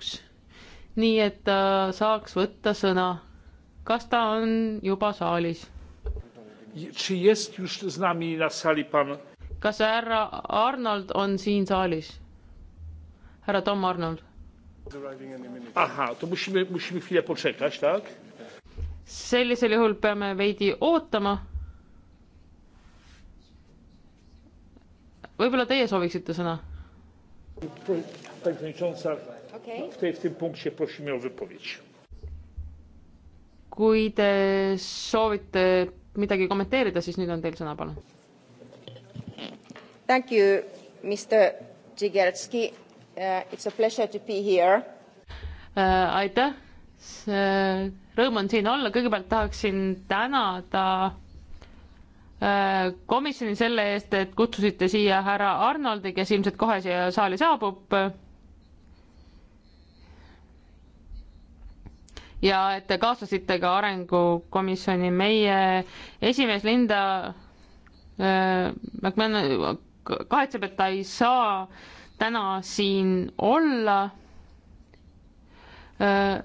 üks, nii et ta äh, saaks võtta sõna. kas ta on juba saalis? kas härra Arnold on siin saalis? härra Tom Arnold. ahhaa, musime, musime chwilę poczekać, tak? sellisel juhul peame veidi ootama. võib-olla teie sooviksite sõna? okay.. W tym punkcie prosimy o wypowiedź. kui te soovite midagi kommenteerida, siis nüüd on teil sõna, palun. Thank you, Mr Jigerski uh,. It's a pleasure to be here uh,. aitäh, rõõm on siin olla, kõigepealt tahaksin tänada uh, komisjoni selle eest, et kutsusite siia härra Arnoldi, kes ilmselt kohe siia saali saabub ja et te kaasasite ka Arengukomisjoni. meie esimees Linda äh, McMahon kahetseb, et ta ei saa täna siin olla äh,.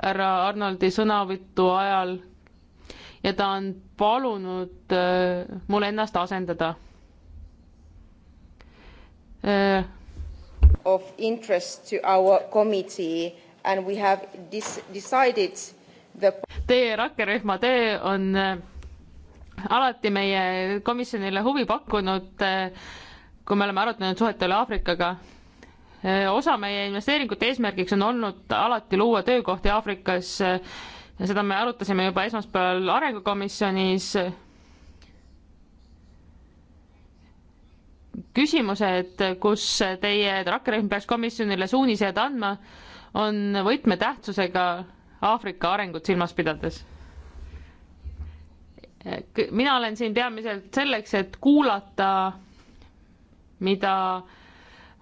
härra Arnoldi sõnavõtu ajal ja ta on palunud äh, mul ennast asendada äh,. Of interest to our committee and we have decided the Teie rakkerühma töö on äh, alati meie komisjonile huvi pakkunud, äh, kui me oleme arutanud suhete üle Aafrikaga. Äh, osa meie investeeringute eesmärgiks on olnud alati luua töökohti Aafrikas ja seda me arutasime juba esmaspäeval arengukomisjonis. küsimused, kus teie rakkerühm peaks komisjonile suuniseid andma on võtmetähtsusega Aafrika arengut silmas pidades. mina olen siin peamiselt selleks, et kuulata, mida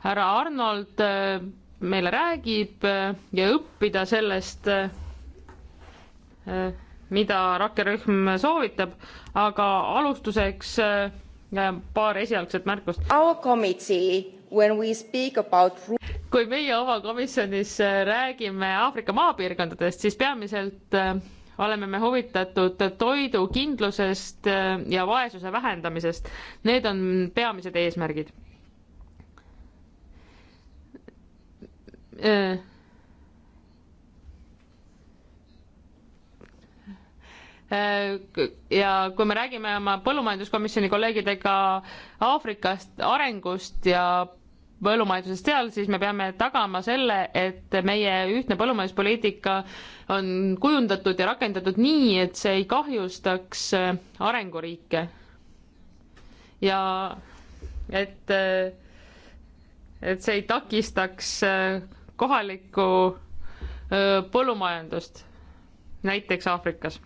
härra Arnold äh, meile räägib äh, ja õppida sellest, äh, mida rakkerühm soovitab, aga alustuseks paar esialgset märkust. Our committee when we speak about kui meie oma komisjonis äh, räägime Aafrika maapiirkondadest, siis peamiselt äh, oleme me huvitatud toidukindlusest äh, ja vaesuse vähendamisest. Need on peamised eesmärgid. ja kui me räägime oma põllumajanduskomisjoni kolleegidega Aafrikast, arengust ja põllumajandusest seal, siis me peame tagama selle, et meie ühtne põllumajanduspoliitika on kujundatud ja rakendatud nii, et see ei kahjustaks äh, arenguriike. ja et, äh, et see ei takistaks äh, kohalikku põllumajandust, näiteks Aafrikas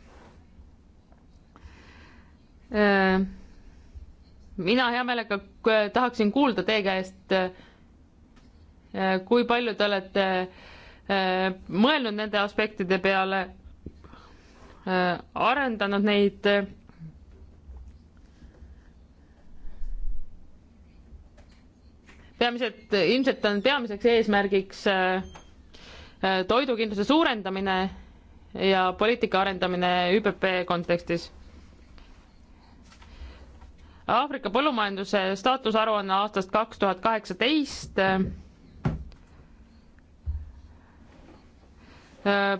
mina hea meelega äh, tahaksin kuulda teie käest, äh, äh, kui palju te olete mõelnud nende aspektide peale, arendanud neid. peamiselt, ilmselt on peamiseks eesmärgiks toidukindluse suurendamine ja poliitika arendamine ÜPP kontekstis Aafrika põllumajanduse staatusaruanne aastast kaks tuhat kaheksateist äh, äh,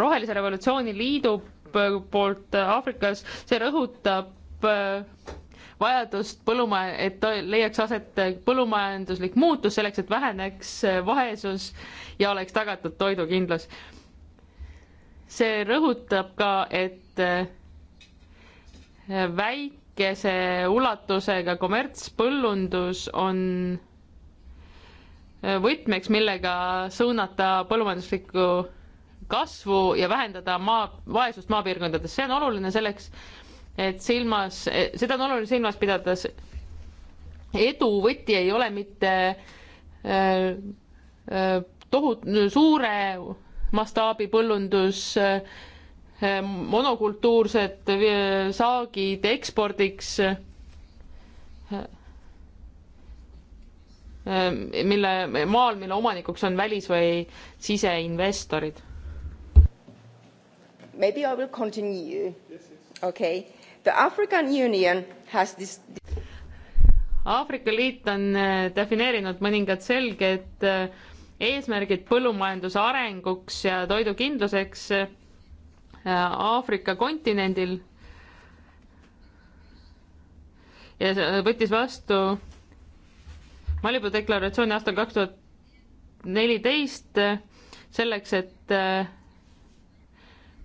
rohelise revolutsiooni liidu poolt Aafrikas, see rõhutab äh, vajadust põllumaja, et leiaks aset põllumajanduslik muutus selleks, et väheneks vaesus ja oleks tagatud toidukindlus. see rõhutab ka, et väike väikese ulatusega kommertspõllundus on võtmeks, millega suunata põllumajanduslikku kasvu ja vähendada maa, vaesust maapiirkondades, see on oluline selleks, et silmas, seda on oluline silmas pidades. edu võti ei ole mitte äh, äh, tohutu suure mastaabi põllundus äh,, Ehm, monokultuursed eh, saagid ekspordiks, eh, ehm, mille, maal, mille omanikuks on välis- või siseinvestorid. Maybe I will continue. Okay. The African Union has this Aafrika Liit on eh, defineerinud mõningad selged eesmärgid põllumajanduse arenguks ja toidukindluseks Äh, Aafrika kontinendil ja äh, võttis vastu Malibu deklaratsiooni aastal kaks tuhat neliteist äh, selleks, et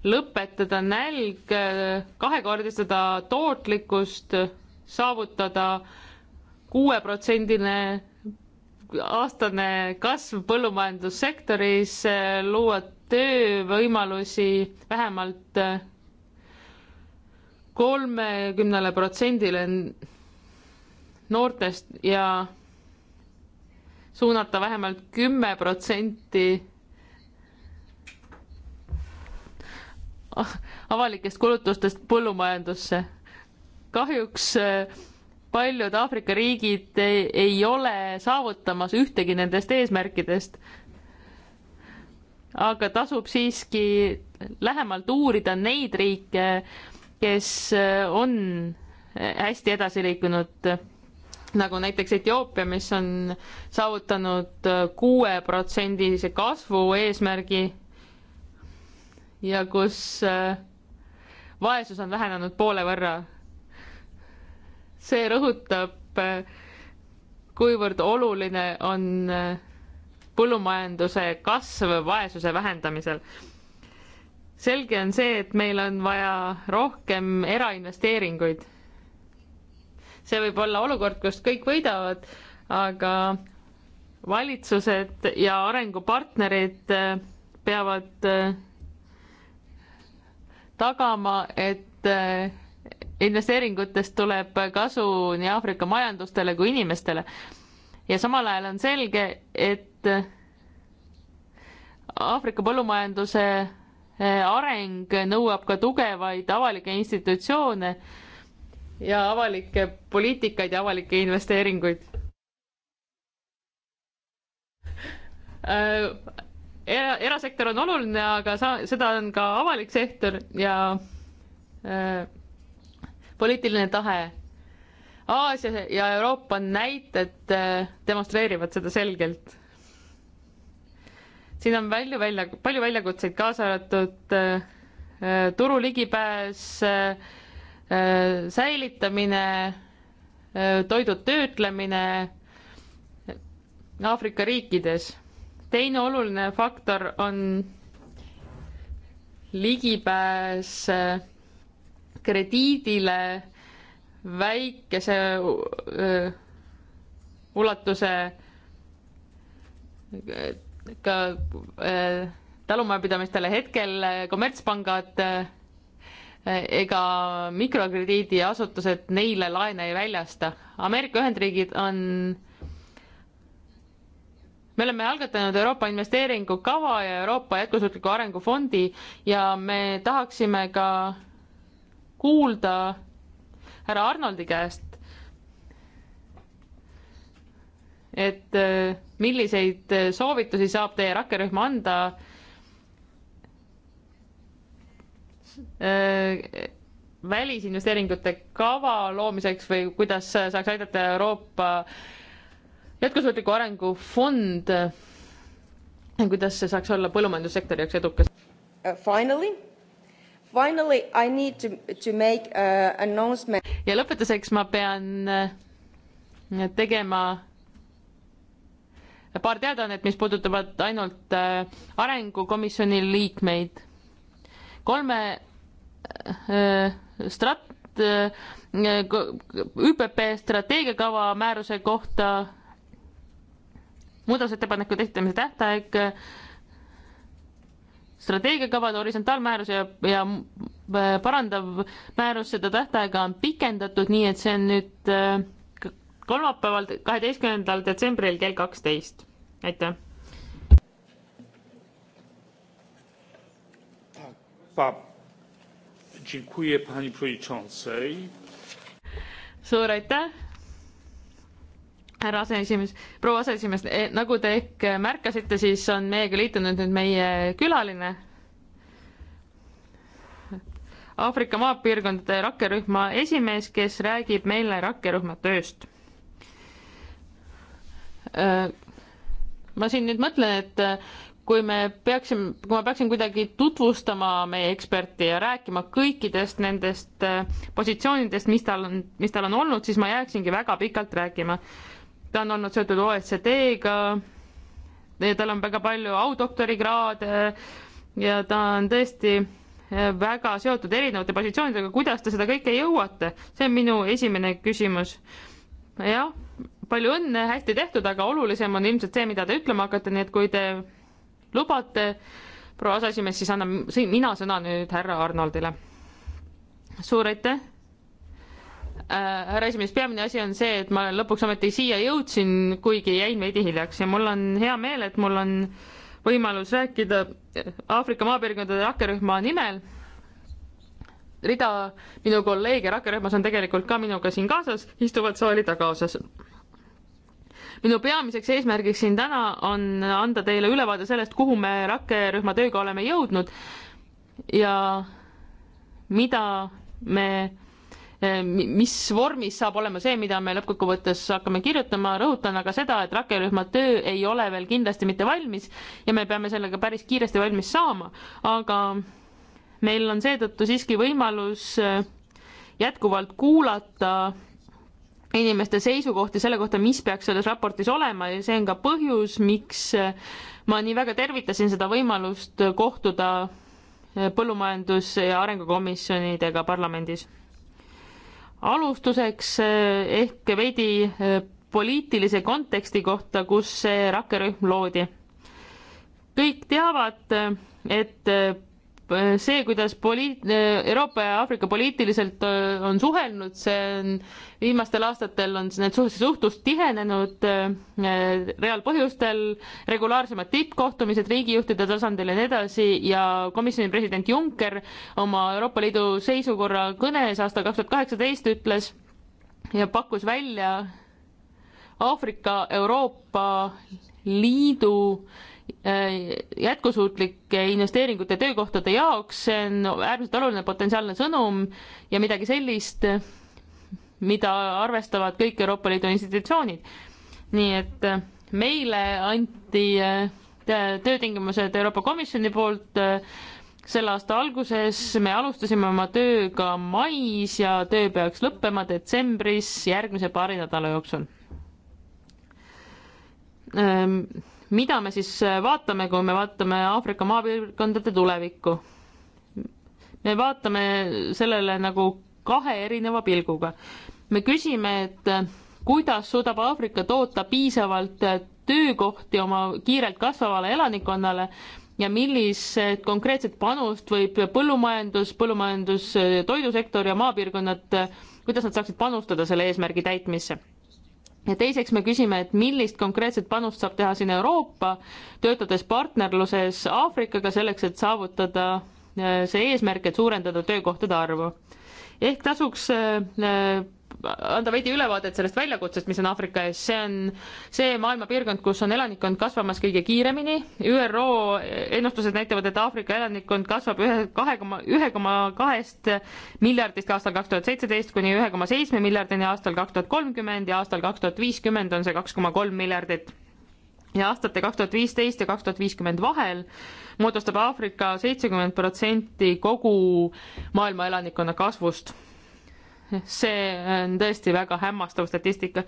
lõpetada nälg, kahekordistada tootlikkust, saavutada kuueprotsendine aastane kasv põllumajandussektoris, luua töövõimalusi vähemalt kolmekümnele protsendile noortest ja suunata vähemalt kümme protsenti avalikest kulutustest põllumajandusse. kahjuks äh, paljud Aafrika riigid äh, ei ole saavutamas ühtegi nendest eesmärkidest aga tasub siiski lähemalt uurida neid riike, kes äh, on äh, hästi edasi liikunud, nagu näiteks Etioopia, mis on saavutanud äh, kuueprotsendilise kasvu eesmärgi ja kus vaesus on vähenenud poole võrra. see rõhutab, kuivõrd oluline on põllumajanduse kasv vaesuse vähendamisel. selge on see, et meil on vaja rohkem erainvesteeringuid. see võib olla olukord, kus kõik võidavad, aga valitsused ja arengupartnerid äh, peavad äh, tagama, et äh, investeeringutest tuleb kasu nii Aafrika majandustele kui inimestele ja samal ajal on selge, et äh, Aafrika põllumajanduse äh, areng nõuab ka tugevaid avalikke institutsioone ja avalikke poliitikaid ja avalikke investeeringuid. Äh, era, erasektor on oluline, aga sa, seda on ka avalik sektor ja äh, poliitiline tahe Aasia ja Euroopa näited eh, demonstreerivad seda selgelt. siin on palju välja, palju väljakutseid, kaasa arvatud äh, turu ligipääs äh,, säilitamine äh,, toidu töötlemine Aafrika riikides. teine oluline faktor on ligipääs krediidile väikese ulatuse ka talumajapidamistele hetkel kommertspangad ega mikrokrediidiasutused neile laene ei väljasta. Ameerika Ühendriigid on, me oleme algatanud Euroopa investeeringukava ja Euroopa jätkusuutliku arengu fondi ja me tahaksime ka kuulda härra Arnoldi käest, et äh, milliseid äh, soovitusi saab teie rakkerühm anda äh, välisinvesteeringute kava loomiseks või kuidas saaks aidata Euroopa jätkusuutliku arengu fond, kuidas see saaks olla põllumajandussektori jaoks edukas uh,? Finally Finally, I need to, to make uh, announcement. ja lõpetuseks ma pean äh, tegema paar teadaannet, mis puudutavad ainult äh, arengukomisjoni liikmeid. kolme äh, strat- äh,, ÜPP strateegiakava määruse kohta muudatusettepanekute esitamise tähtaeg strateegiakavad, horisontaalmäärus ja, ja äh, parandav määrus, seda tähtaega on pikendatud, nii et see on nüüd äh, kolmapäeval, kaheteistkümnendal detsembril kell kaksteist. aitäh. suur aitäh härra aseesimees, proua aseesimees, eh, nagu te ehk eh, märkasite, siis on meiega liitunud nüüd meie külaline. Aafrika maapiirkondade rakkerühma esimees, kes räägib meile rakkerühma tööst. Äh, ma siin nüüd mõtlen, et äh, kui me peaksime, kui ma peaksin kuidagi tutvustama meie eksperti ja rääkima kõikidest nendest äh, positsioonidest, mis tal on, mis tal on olnud, siis ma jääksingi väga pikalt rääkima ta on olnud seotud OECD-ga ja tal on väga palju audoktorikraade ja ta on tõesti eh, väga seotud erinevate positsioonidega, kuidas te seda kõike jõuate? see on minu esimene küsimus. jah, palju õnne, hästi tehtud, aga olulisem on ilmselt see, mida te ütlema hakkate, nii et kui te lubate, proua aseesimees, siis annan mina sõna nüüd härra Arnoldile. suur aitäh Äh, härra esimees, peamine asi on see, et ma lõpuks ometi siia jõudsin, kuigi jäin veidi hiljaks ja mul on hea meel, et mul on võimalus rääkida Aafrika maapiirkondade rakkerühma nimel. rida minu kolleege rakkerühmas on tegelikult ka minuga siin kaasas, istuvad saali tagaosas. minu peamiseks eesmärgiks siin täna on anda teile ülevaade sellest, kuhu me rakkerühma tööga oleme jõudnud ja mida me Eh, mis vormis saab olema see, mida me lõppkokkuvõttes hakkame kirjutama, rõhutan aga seda, et rakkerühma töö ei ole veel kindlasti mitte valmis ja me peame sellega päris kiiresti valmis saama, aga meil on seetõttu siiski võimalus eh, jätkuvalt kuulata inimeste seisukohti selle kohta, mis peaks selles raportis olema ja see on ka põhjus, miks eh, ma nii väga tervitasin seda võimalust kohtuda põllumajandus- ja arengukomisjonidega parlamendis alustuseks eh, ehk veidi eh, poliitilise konteksti kohta, kus see rakkerühm loodi. kõik teavad, eh, et Äh, see, kuidas poliit-, äh, Euroopa ja Aafrika poliitiliselt äh, on suhelnud, see on viimastel aastatel on need suht-, suhtlus tihenenud reaalpõhjustel, regulaarsemad tippkohtumised riigijuhtide tasandil ja nii edasi ja komisjoni president Juncker oma Euroopa Liidu seisukorra kõnes aastal kaks tuhat kaheksateist ütles ja pakkus välja Aafrika-Euroopa Liidu äh, jätkusuutlike investeeringute töökohtade jaoks, see on äärmiselt oluline potentsiaalne sõnum ja midagi sellist, mida arvestavad kõik Euroopa Liidu institutsioonid. nii et meile anti äh, töötingimused Euroopa Komisjoni poolt äh, selle aasta alguses, me alustasime oma tööga mais ja töö peaks lõppema detsembris järgmise paari nädala jooksul äh, mida me siis vaatame, kui me vaatame Aafrika maapiirkondade tulevikku? me vaatame sellele nagu kahe erineva pilguga. me küsime, et kuidas suudab Aafrika toota piisavalt töökohti oma kiirelt kasvavale elanikkonnale ja millist konkreetset panust võib põllumajandus, põllumajandus, toidusektor ja maapiirkonnad, kuidas nad saaksid panustada selle eesmärgi täitmisse ja teiseks me küsime, et millist konkreetset panust saab teha siin Euroopa, töötades partnerluses Aafrikaga selleks, et saavutada eh, see eesmärk, et suurendada töökohtade arvu. ehk tasuks eh, anda veidi ülevaadet sellest väljakutsest, mis on Aafrika ees, see on see maailmapiirkond, kus on elanikkond kasvamas kõige kiiremini. ÜRO ennustused näitavad, et Aafrika elanikkond kasvab ühe, kahe koma, ühe koma kahest miljardist aastal kaks tuhat seitseteist kuni ühe koma seitsme miljardini aastal kaks tuhat kolmkümmend ja aastal kaks tuhat viiskümmend on see kaks koma kolm miljardit ja aastate kaks tuhat viisteist ja kaks tuhat viiskümmend vahel moodustab Aafrika seitsekümmend protsenti kogu maailma elanikkonna kasvust see on tõesti väga hämmastav statistika.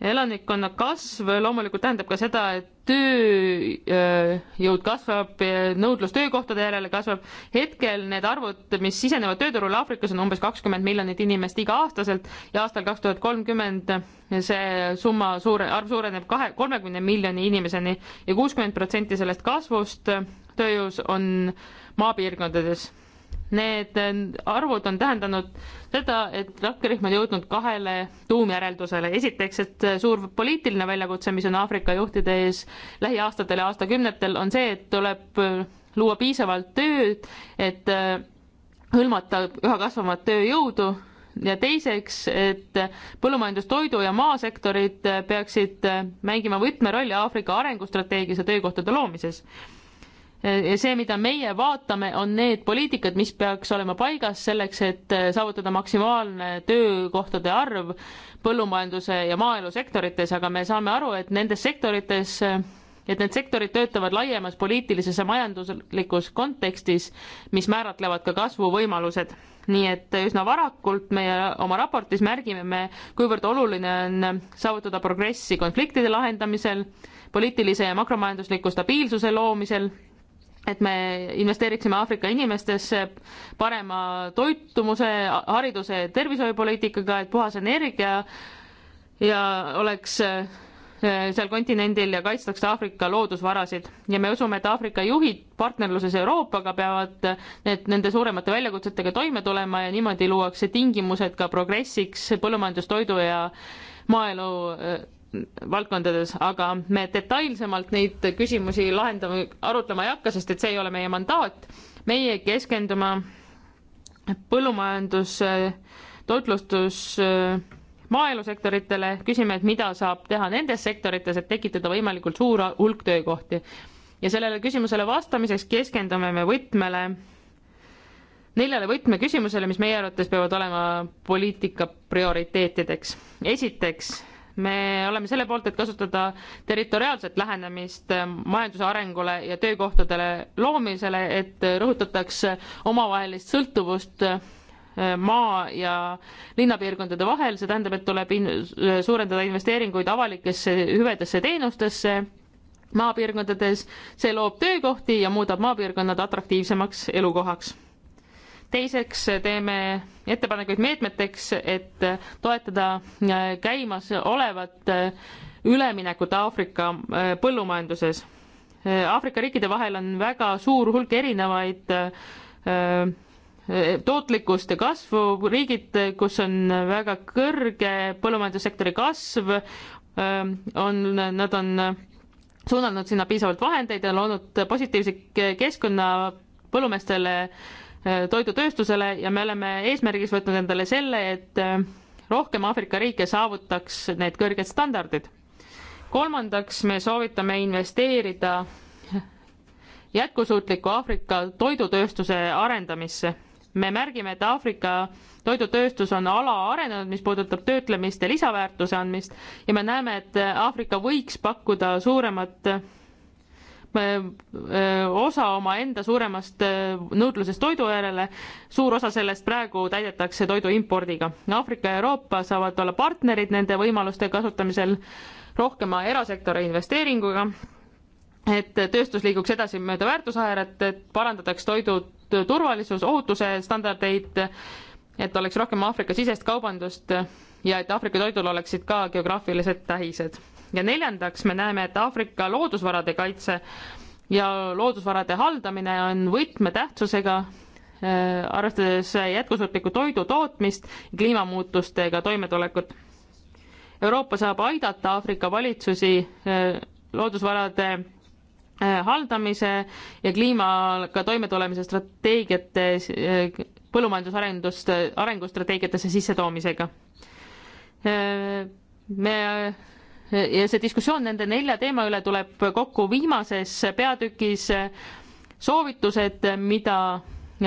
elanikkonna kasv loomulikult tähendab ka seda, et tööjõud kasvab, nõudlus töökohtade järele kasvab. hetkel need arvud, mis sisenevad tööturule Aafrikas, on umbes kakskümmend miljonit inimest iga-aastaselt ja aastal kaks tuhat kolmkümmend see summa suure, arv suureneb kahe, kolmekümne miljoni inimeseni ja kuuskümmend protsenti sellest kasvust tööjõus on maapiirkondades Need äh, arvud on tähendanud seda, et rakkerühm on jõudnud kahele tuumjäreldusele. esiteks, et äh, suur poliitiline väljakutse, mis on Aafrika juhtide ees lähiaastatel ja aastakümnetel, on see, et tuleb äh, luua piisavalt tööd, et hõlmata üha kasvavat tööjõudu ja teiseks, et põllumajandustoidu ja maasektorid peaksid mängima võtmerolli Aafrika arengustrateegias ja töökohtade loomises see, mida meie vaatame, on need poliitikad, mis peaks olema paigas selleks, et äh, saavutada maksimaalne töökohtade arv põllumajanduse ja maaelu sektorites, aga me saame aru, et nendes sektorites äh, et need sektorid töötavad laiemas poliitilises ja majanduslikus kontekstis, mis määratlevad ka kasvuvõimalused. nii et äh, üsna varakult meie oma raportis märgime me, kuivõrd oluline on saavutada progressi konfliktide lahendamisel, poliitilise ja makromajandusliku stabiilsuse loomisel et me investeeriksime Aafrika inimestesse parema toitumuse, hariduse, tervishoiupoliitikaga, et puhas energia ja oleks eh, seal kontinendil ja kaitstakse Aafrika loodusvarasid ja me usume, et Aafrika juhid partnerluses Euroopaga peavad need, nende suuremate väljakutsetega toime tulema ja niimoodi luuakse tingimused ka progressiks põllumajandustoidu ja maaelu eh, valdkondades, aga me detailsemalt neid küsimusi lahendama, arutlema ei hakka, sest et see ei ole meie mandaat. meie keskendume põllumajandus, toitlustus, maaelusektoritele, küsime, et mida saab teha nendes sektorites, et tekitada võimalikult suur hulk töökohti. ja sellele küsimusele vastamiseks keskendume me võtmele, neljale võtmeküsimusele, mis meie arvates peavad olema poliitika prioriteetideks. esiteks me oleme selle poolt, et kasutada territoriaalset lähenemist majanduse arengule ja töökohtadele loomisele, et rõhutataks omavahelist sõltuvust maa ja linnapiirkondade vahel, see tähendab, et tuleb in suurendada investeeringuid avalikesse hüvedesse teenustesse maapiirkondades, see loob töökohti ja muudab maapiirkonnad atraktiivsemaks elukohaks teiseks teeme ettepanekuid meetmeteks, et toetada äh, käimasolevat äh, üleminekut Aafrika äh, põllumajanduses. Aafrika riikide vahel on väga suur hulk erinevaid tootlikkust ja kasvu, riigid, kus on väga kõrge põllumajandussektori kasv, on, nad on suunanud sinna piisavalt vahendeid ja loonud positiivse keskkonna põllumeestele äh, Äh, toidutööstusele ja me oleme eesmärgiks võtnud endale selle, et äh, rohkem Aafrika riike saavutaks need kõrged standardid. kolmandaks, me soovitame investeerida jätkusuutliku Aafrika toidutööstuse arendamisse. me märgime, et Aafrika toidutööstus on alaarenenud, mis puudutab töötlemist ja lisaväärtuse andmist ja me näeme, et Aafrika võiks pakkuda suuremat osa omaenda suuremast nõudlusest toidu järele, suur osa sellest praegu täidetakse toidu impordiga. Aafrika ja Euroopa saavad olla partnerid nende võimaluste kasutamisel rohkema erasektori investeeringuga, et tööstus liiguks edasi mööda väärtusahelat, et parandataks toidu turvalisus, ohutuse standardeid, et oleks rohkem Aafrika-sisest kaubandust ja et Aafrika toidul oleksid ka geograafilised tähised ja neljandaks me näeme, et Aafrika loodusvarade kaitse ja loodusvarade haldamine on võtmetähtsusega, äh, arvestades jätkusuutlikku toidu tootmist, kliimamuutustega toimetulekut. Euroopa saab aidata Aafrika valitsusi äh, loodusvarade äh, haldamise ja kliimaga toimetulemise strateegiate, põllumajandusarendust, arengustrateegiatesse sissetoomisega. me ja see diskussioon nende nelja teema üle tuleb kokku viimases peatükis soovitused, mida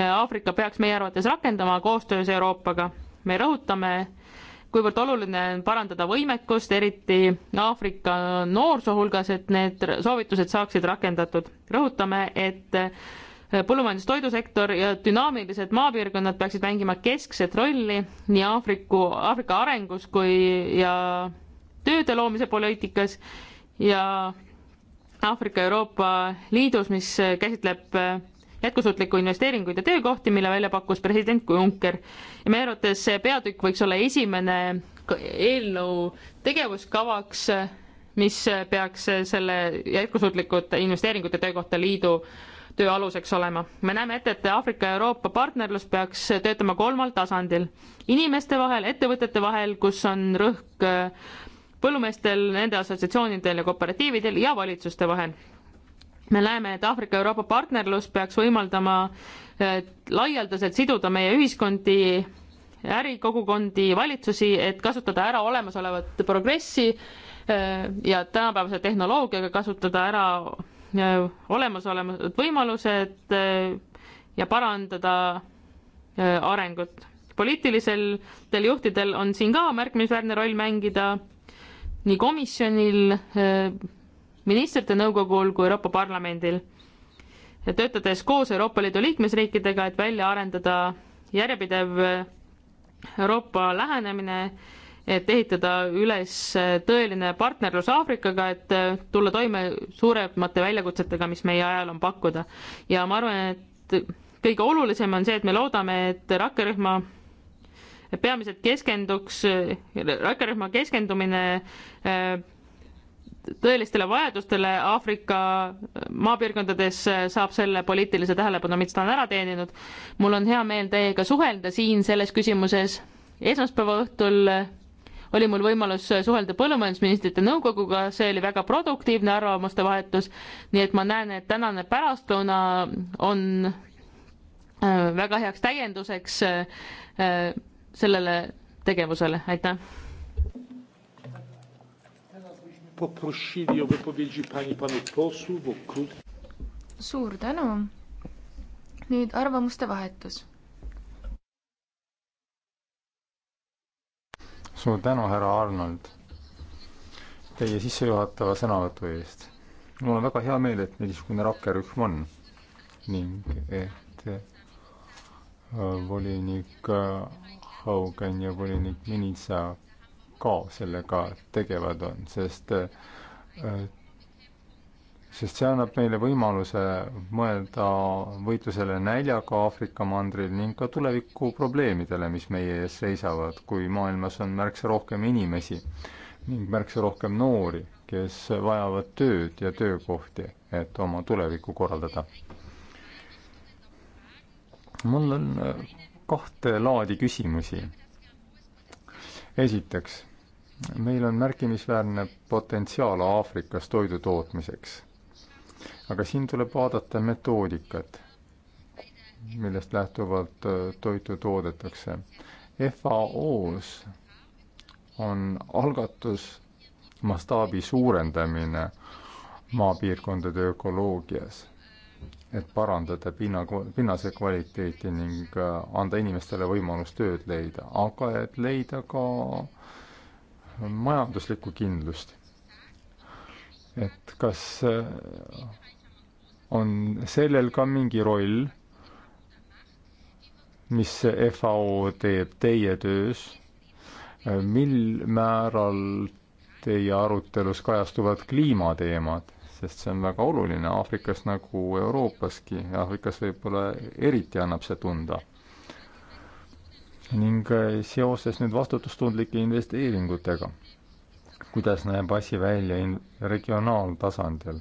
Aafrika peaks meie arvates rakendama koostöös Euroopaga. me rõhutame, kuivõrd oluline on parandada võimekust, eriti Aafrika noorsoo hulgas, et need soovitused saaksid rakendatud. rõhutame, et põllumajandustoidusektor ja dünaamilised maapiirkonnad peaksid mängima keskset rolli nii Aafriku, Aafrika arengus kui ja tööde loomise poliitikas ja Aafrika-Euroopa Liidus, mis käsitleb äh, jätkusuutlikku investeeringuid ja töökohti, mille välja pakkus president Juncker. ja meie arvates see peatükk võiks olla esimene eelnõu tegevuskavaks, mis peaks selle jätkusuutlikud investeeringute töökohta liidu töö aluseks olema. me näeme ette, et Aafrika ja Euroopa partnerlus peaks töötama kolmal tasandil. inimeste vahel, ettevõtete vahel, kus on rõhk äh, põllumeestel, nende assotsiatsioonidel ja kooperatiividel ja valitsuste vahel. me näeme, et Aafrika-Euroopa partnerlus peaks võimaldama laialdaselt siduda meie ühiskondi, ärikogukondi, valitsusi, et kasutada ära olemasolevat progressi ja tänapäevase tehnoloogiaga kasutada ära olemasolevad võimalused ja parandada arengut. poliitilisel juhtidel on siin ka märkimisväärne roll mängida nii komisjonil, äh, ministrite nõukogul kui Euroopa Parlamendil. töötades koos Euroopa Liidu liikmesriikidega, et välja arendada järjepidev äh, Euroopa lähenemine, et ehitada üles äh, tõeline partnerlus Aafrikaga, et tulla toime suuremate väljakutsetega, mis meie ajal on pakkuda. ja ma arvan, et kõige olulisem on see, et me loodame, et rakkerühma peamiselt keskenduks, rakkerühma keskendumine äh, tõelistele vajadustele Aafrika maapiirkondades äh, saab selle poliitilise tähelepanu, mida ta on ära teeninud. mul on hea meel teiega suhelda siin selles küsimuses. esmaspäeva õhtul äh, oli mul võimalus suhelda põllumajandusministrite nõukoguga, see oli väga produktiivne arvamuste vahetus, nii et ma näen, et tänane pärastlõuna on väga heaks täienduseks sellele tegevusele, aitäh. suur tänu. nüüd arvamuste vahetus. suur tänu, härra Arnold, teie sissejuhatava sõnavõtu eest. mul on väga hea meel, et niisugune rakkerühm on ning et äh, volinik äh, Hogan ja volinik Minisa ka sellega tegevad on, sest äh, sest see annab meile võimaluse mõelda võitlusele näljaga Aafrika mandril ning ka tuleviku probleemidele, mis meie ees seisavad, kui maailmas on märksa rohkem inimesi ning märksa rohkem noori, kes vajavad tööd ja töökohti, et oma tulevikku korraldada. mul on äh, kahte laadi küsimusi. esiteks, meil on märkimisväärne potentsiaal Aafrikas toidu tootmiseks. aga siin tuleb vaadata metoodikat, millest lähtuvalt äh, toitu toodetakse. FAO-s on algatus mastaabi suurendamine maapiirkondade ökoloogias et parandada pinna, pinnase kvaliteeti ning äh, anda inimestele võimalus tööd leida, aga et leida ka majanduslikku kindlust. et kas äh, on sellel ka mingi roll, mis FAO teeb teie töös, äh, mil määral teie arutelus kajastuvad kliimateemad sest see on väga oluline Aafrikas nagu Euroopaski, Aafrikas võib-olla eriti annab see tunda. ning äh, seoses nüüd vastutustundlike investeeringutega, kuidas näeb asi välja in-, regionaaltasandil?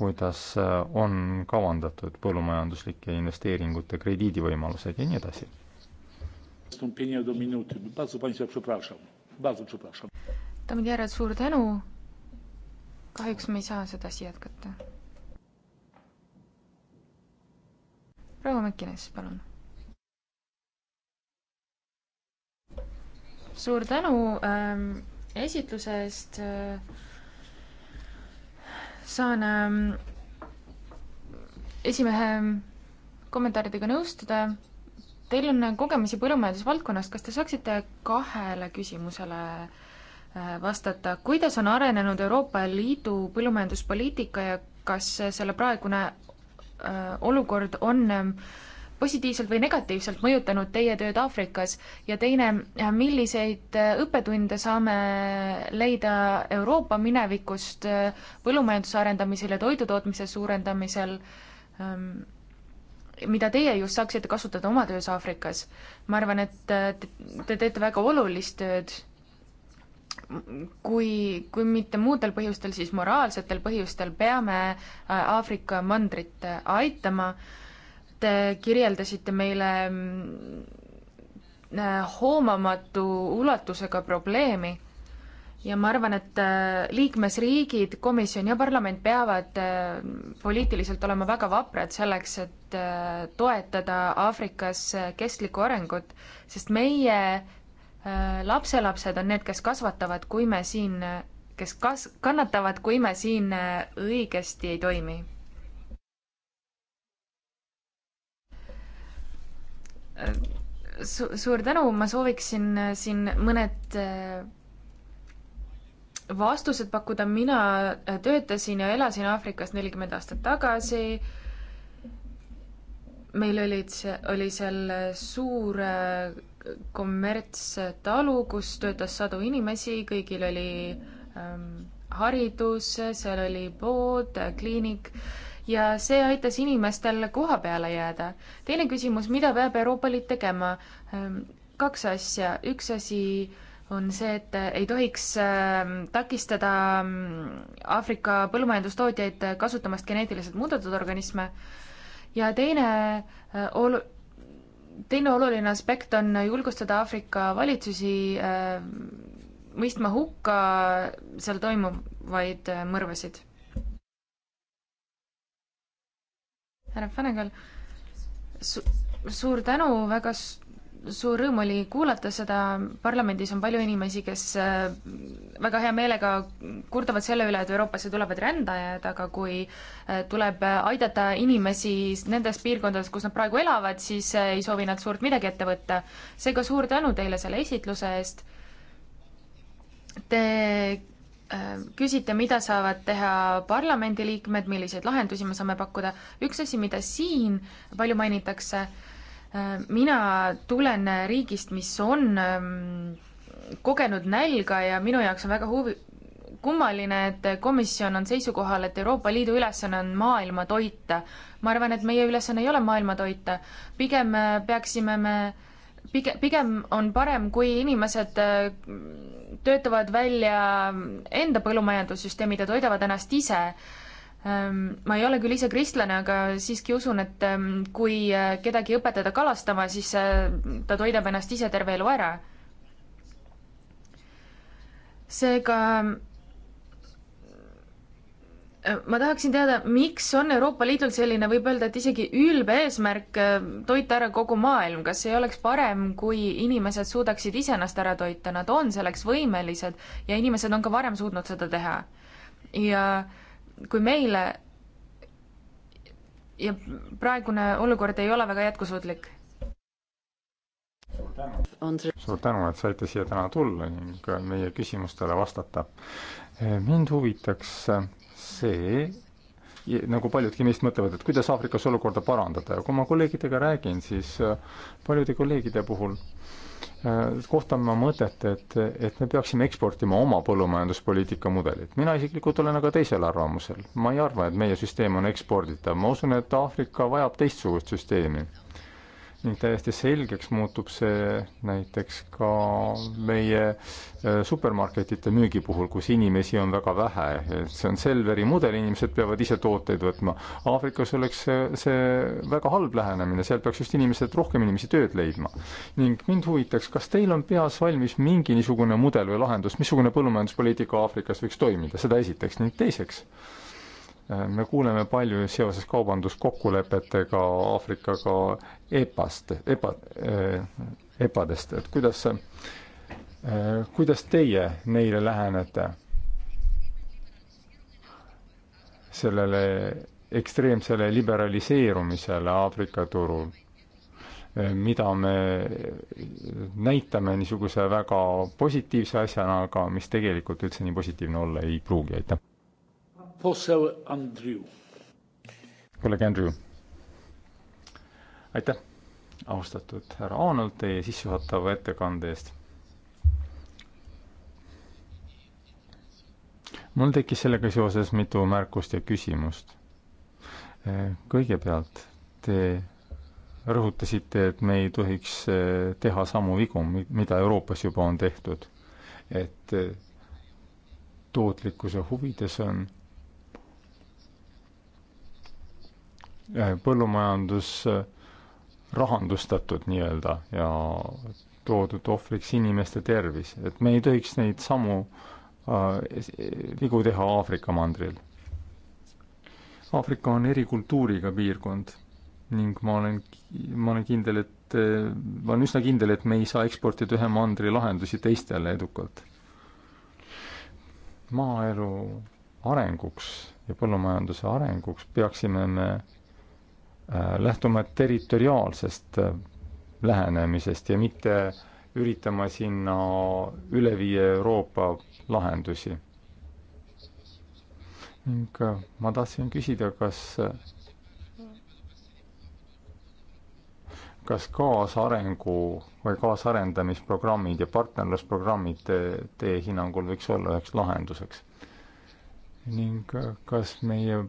kuidas äh, on kavandatud põllumajanduslike investeeringute krediidivõimalused ja nii edasi? daamid ja härrad, suur tänu kahjuks me ei saa sedasi jätkata. proua Mäkkines, palun. suur tänu ähm, esitluse eest äh,. saan ähm, esimehe kommentaaridega nõustuda. Teil on kogemusi põllumajandusvaldkonnast, kas te saaksite kahele küsimusele äh, Äh, vastata. kuidas on arenenud Euroopa Liidu põllumajanduspoliitika ja kas selle praegune äh, olukord on ähm, positiivselt või negatiivselt mõjutanud teie tööd Aafrikas ja teine, äh, milliseid õppetunde saame leida Euroopa minevikust põllumajanduse arendamisel ja toidutootmise suurendamisel, ähm, mida teie just saaksite kasutada oma töös Aafrikas? ma arvan, et te teete väga olulist tööd kui, kui mitte muudel põhjustel, siis moraalsetel põhjustel peame äh, Aafrika mandrit äh, aitama. Te kirjeldasite meile mm, äh, hoomamatu ulatusega probleemi ja ma arvan, et liikmesriigid, komisjon ja parlament peavad poliitiliselt olema väga vaprad selleks, et toetada Aafrikas kestlikku arengut, sest meie Äh, lapselapsed on need, kes kasvatavad, kui me siin, kes kas-, kannatavad, kui me siin äh, õigesti ei toimi. Äh, su-, suur tänu, ma sooviksin siin mõned vastused pakkuda, mina töötasin ja elasin Aafrikas nelikümmend aastat tagasi, meil olid, oli seal suur kommertstalu, kus töötas sadu inimesi, kõigil oli ähm, haridus, seal oli pood, kliinik ja see aitas inimestel koha peale jääda. teine küsimus, mida peab Euroopa Liit tegema ähm,? kaks asja, üks asi on see, et ei tohiks äh, takistada ähm, Aafrika põllumajandustootjaid kasutamast geneetiliselt muundatud organisme ja teine äh, olu-, teine oluline aspekt on julgustada Aafrika valitsusi äh, mõistma hukka seal toimuvaid äh, mõrvasid. härra Fanegal su, suur tänu väga suur rõõm oli kuulata seda, parlamendis on palju inimesi, kes äh, väga hea meelega kurdavad selle üle, et Euroopasse tulevad rändajad, aga kui äh, tuleb aidata inimesi nendes piirkondades, kus nad praegu elavad, siis äh, ei soovi nad suurt midagi ette võtta. seega suur tänu teile selle esitluse eest. Te küsite, mida saavad teha parlamendiliikmed, milliseid lahendusi me saame pakkuda. üks asi, mida siin palju mainitakse mina tulen riigist, mis on ähm, kogenud nälga ja minu jaoks on väga huvi, kummaline, et komisjon on seisukohal, et Euroopa Liidu ülesanne on maailma toita. ma arvan, et meie ülesanne ei ole maailma toita, pigem äh, peaksime me pigem, pigem on parem, kui inimesed äh, töötavad välja enda põllumajandussüsteemid ja toidavad ennast ise Ehm, ma ei ole küll ise kristlane, aga siiski usun, et ehm, kui eh, kedagi õpetada kalastama, siis eh, ta toidab ennast ise terve elu ära. seega eh, ma tahaksin teada, miks on Euroopa Liidul selline, võib öelda, et isegi ülbe eesmärk toita ära kogu maailm, kas ei oleks parem, kui inimesed suudaksid ise ennast ära toita, nad on selleks võimelised ja inimesed on ka varem suutnud seda teha. ja äh, kui meile ja praegune olukord ei ole väga jätkusuutlik. suur tänu, et saite siia täna tulla ning meie küsimustele vastata. mind huvitaks see, nagu paljudki meist mõtlevad, et kuidas Aafrikas olukorda parandada ja kui ma kolleegidega räägin, siis paljude kolleegide puhul äh, Äh, kohta ma mõtet, et, et me peaksime eksportima oma põllumajanduspoliitika mudelit. mina isiklikult olen aga teisel arvamusel. ma ei arva, et meie süsteem on eksporditav, ma usun, et Aafrika vajab teistsugust süsteemi, ning täiesti selgeks muutub see näiteks ka meie äh, supermarketite müügi puhul, kus inimesi on väga vähe, et see on Selveri mudel, inimesed peavad ise tooteid võtma. Aafrikas oleks see, see väga halb lähenemine, seal peaks just inimesed, rohkem inimesi tööd leidma. ning mind huvitaks, kas teil on peas valmis mingi niisugune mudel või lahendus, missugune põllumajanduspoliitika Aafrikas võiks toimida, seda esiteks, ning teiseks äh, me kuuleme palju seoses kaubanduskokkulepetega Aafrikaga EPA-st, EPA, äh, EPA-dest, et kuidas, äh, kuidas teie neile lähenete? sellele ekstreemsele liberaliseerumisele Aafrika turul, äh, mida me näitame niisuguse väga positiivse asjana, aga mis tegelikult üldse nii positiivne olla ei pruugi, aitäh. kolleeg Andrew aitäh, austatud härra Aanult, teie sissejuhatava ettekande eest. mul tekkis sellega seoses mitu märkust ja küsimust. kõigepealt te rõhutasite, et me ei tohiks eh, teha samu vigu, mida Euroopas juba on tehtud. et eh, tootlikkuse huvides on eh, põllumajandus äh, rahandustatud nii-öelda ja toodud ohvriks inimeste tervis, et me ei tohiks neid samu äh, vigu teha Aafrika mandril. Aafrika on erikultuuriga piirkond ning ma olen, ma olen kindel, et, äh, ma olen üsna kindel, et me ei saa eksportida ühe mandri lahendusi teistele edukalt. maaelu arenguks ja põllumajanduse arenguks peaksime me Äh, lähtuma territoriaalsest äh, lähenemisest ja mitte üritama sinna üle viia Euroopa lahendusi. ning äh, ma tahtsin küsida, kas kas kaasarengu või kaasarendamisprogrammid ja partnerlusprogrammid te, teie hinnangul võiks olla üheks lahenduseks? ning kas meie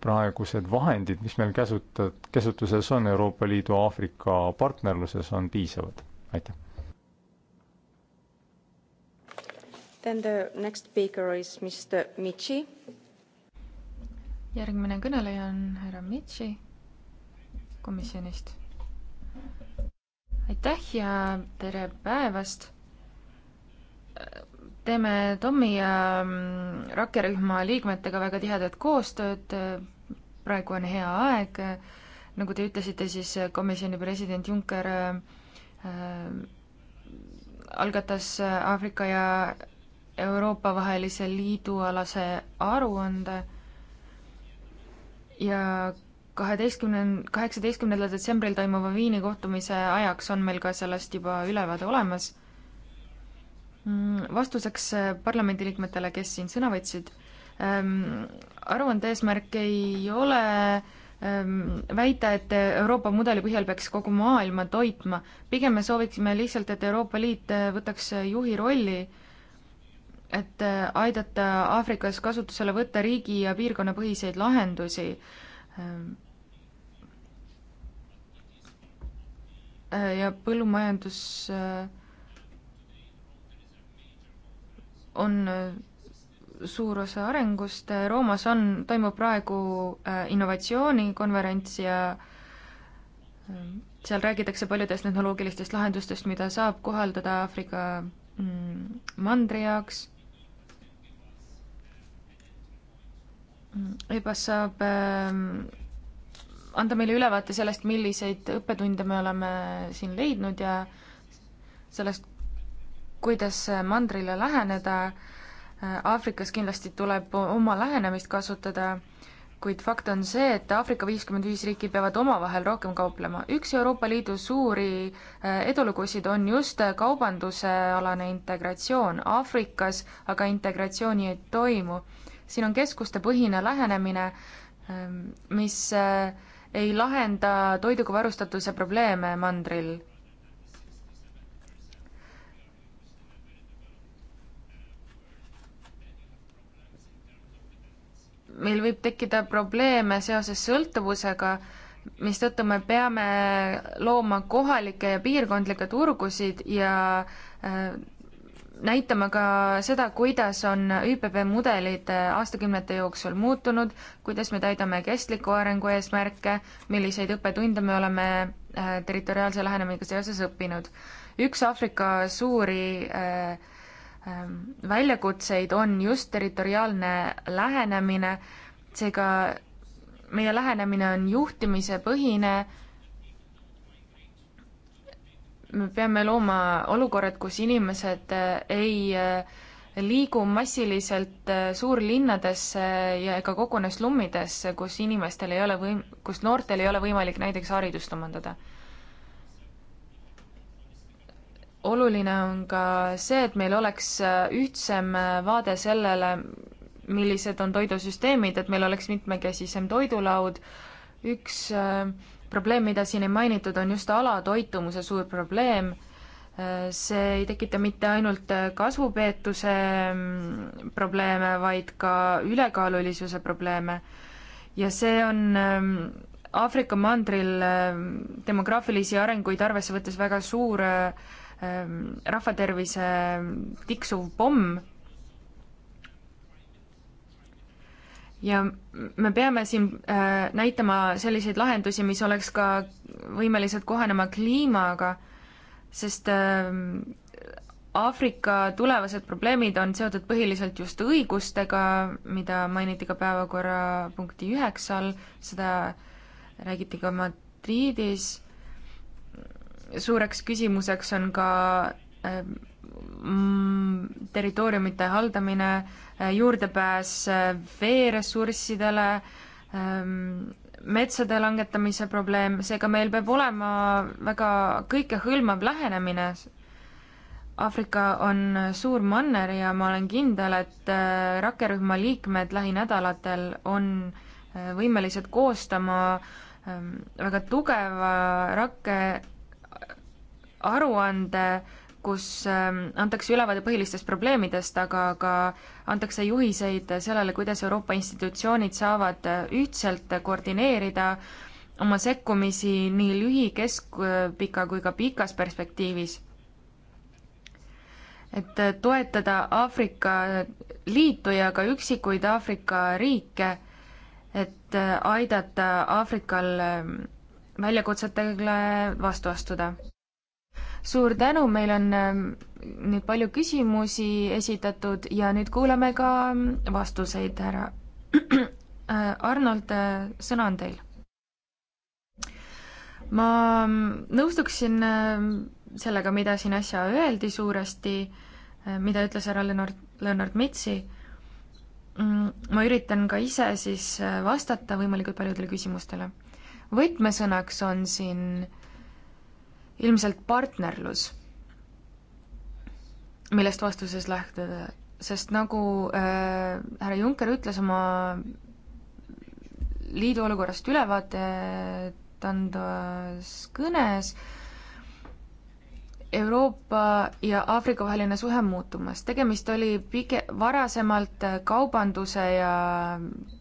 praegused vahendid, mis meil käsut-, käsutuses on Euroopa Liidu Aafrika partnerluses, on piisavad? aitäh. Then the next speaker is Mr Michi. järgmine kõneleja on härra Michi komisjonist. aitäh ja tere päevast teeme Tommi ja mm, rakkerühma liikmetega väga tihedat koostööd, praegu on hea aeg, nagu te ütlesite, siis komisjoni president Juncker äh, algatas Aafrika ja Euroopa vahelise liidualase aruande ja kaheteistkümnen-, kaheksateistkümnendal detsembril toimuva Viini kohtumise ajaks on meil ka sellest juba ülevaade olemas Mm, vastuseks äh, parlamendiliikmetele, kes siin sõna võtsid, ähm, aruande eesmärk ei ole ähm, väita, et Euroopa mudeli põhjal peaks kogu maailma toitma, pigem me sooviksime lihtsalt, et Euroopa Liit äh, võtaks äh, juhi rolli, et aidata Aafrikas kasutusele võtta riigi- ja piirkonnapõhiseid lahendusi ähm, ja põllumajandus äh, on äh, suur osa arengust, Roomas on, toimub praegu äh, innovatsioonikonverents ja äh, seal räägitakse paljudest tehnoloogilistest lahendustest, mida saab kohaldada Aafrika mm, mandri jaoks. Mm, EBAS saab ähm, anda meile ülevaate sellest, milliseid õppetunde me oleme siin leidnud ja sellest, kuidas mandrile läheneda, Aafrikas kindlasti tuleb oma lähenemist kasutada, kuid fakt on see, et Aafrika viiskümmend viis riiki peavad omavahel rohkem kauplema. üks Euroopa Liidu suuri äh, edulugusid on just kaubandusealane integratsioon. Aafrikas aga integratsiooni ei toimu. siin on keskustepõhine lähenemine, ähm, mis äh, ei lahenda toiduga varustatuse probleeme mandril meil võib tekkida probleeme seoses sõltuvusega, mistõttu me peame looma kohalikke ja piirkondlikke turgusid ja äh, näitama ka seda, kuidas on ÜPP mudelid äh, aastakümnete jooksul muutunud, kuidas me täidame kestliku arengu eesmärke, milliseid õppetunde me oleme äh, territoriaalse lähenemisega seoses õppinud. üks Aafrika suuri äh, Ähm, väljakutseid on just territoriaalne lähenemine, seega meie lähenemine on juhtimise põhine. me peame looma olukorrad, kus inimesed äh, ei äh, liigu massiliselt äh, suurlinnadesse ja ega kogune slummidesse, kus inimestel ei ole võim-, kus noortel ei ole võimalik näiteks haridust omandada oluline on ka see, et meil oleks äh, ühtsem äh, vaade sellele, millised on toidusüsteemid, et meil oleks mitmekesisem toidulaud. üks äh, probleem, mida siin ei mainitud, on just alatoitumuse suur probleem. see ei tekita mitte ainult kasvupeetuse mm, probleeme, vaid ka ülekaalulisuse probleeme. ja see on ähm, Aafrika mandril demograafilisi arenguid arvesse võttes väga suur Ehm, rahvatervise ehm, tiksuv pomm. ja me peame siin äh, näitama selliseid lahendusi, mis oleks ka võimelised kohanema kliimaga, sest ehm, Aafrika tulevased probleemid on seotud põhiliselt just õigustega, mida mainiti ka päevakorrapunkti üheksa all, seda räägiti ka Madridis suureks küsimuseks on ka ähm, mm, territooriumite haldamine, äh, juurdepääs äh, veeressurssidele, ähm, metsade langetamise probleem, seega meil peab olema väga kõikehõlmav lähenemine. Aafrika on suur manner ja ma olen kindel, et äh, rakkerühma liikmed lähinädalatel on võimelised koostama ähm, väga tugeva rakke aruande, kus ähm, antakse ülevaade põhilistest probleemidest, aga ka antakse juhiseid sellele, kuidas Euroopa institutsioonid saavad ühtselt koordineerida oma sekkumisi nii lühi-, keskpika kui ka pikas perspektiivis. et toetada Aafrika Liitu ja ka üksikuid Aafrika riike, et aidata Aafrikal väljakutsetele vastu astuda suur tänu, meil on ähm, nüüd palju küsimusi esitatud ja nüüd kuulame ka ähm, vastuseid, härra äh, Arnold, äh, sõna on teil. ma ähm, nõustuksin sellega, mida siin äsja öeldi suuresti, äh, mida ütles härra Lennart, Lennart Mitsi mm, ma üritan ka ise siis vastata võimalikult paljudele küsimustele. võtmesõnaks on siin ilmselt partnerlus, millest vastuses lähtuda, sest nagu äh, härra Juncker ütles oma liidu olukorrast ülevaadet andvas kõnes, Euroopa ja Aafrika vaheline suhe muutumas. tegemist oli pige-, varasemalt kaubanduse ja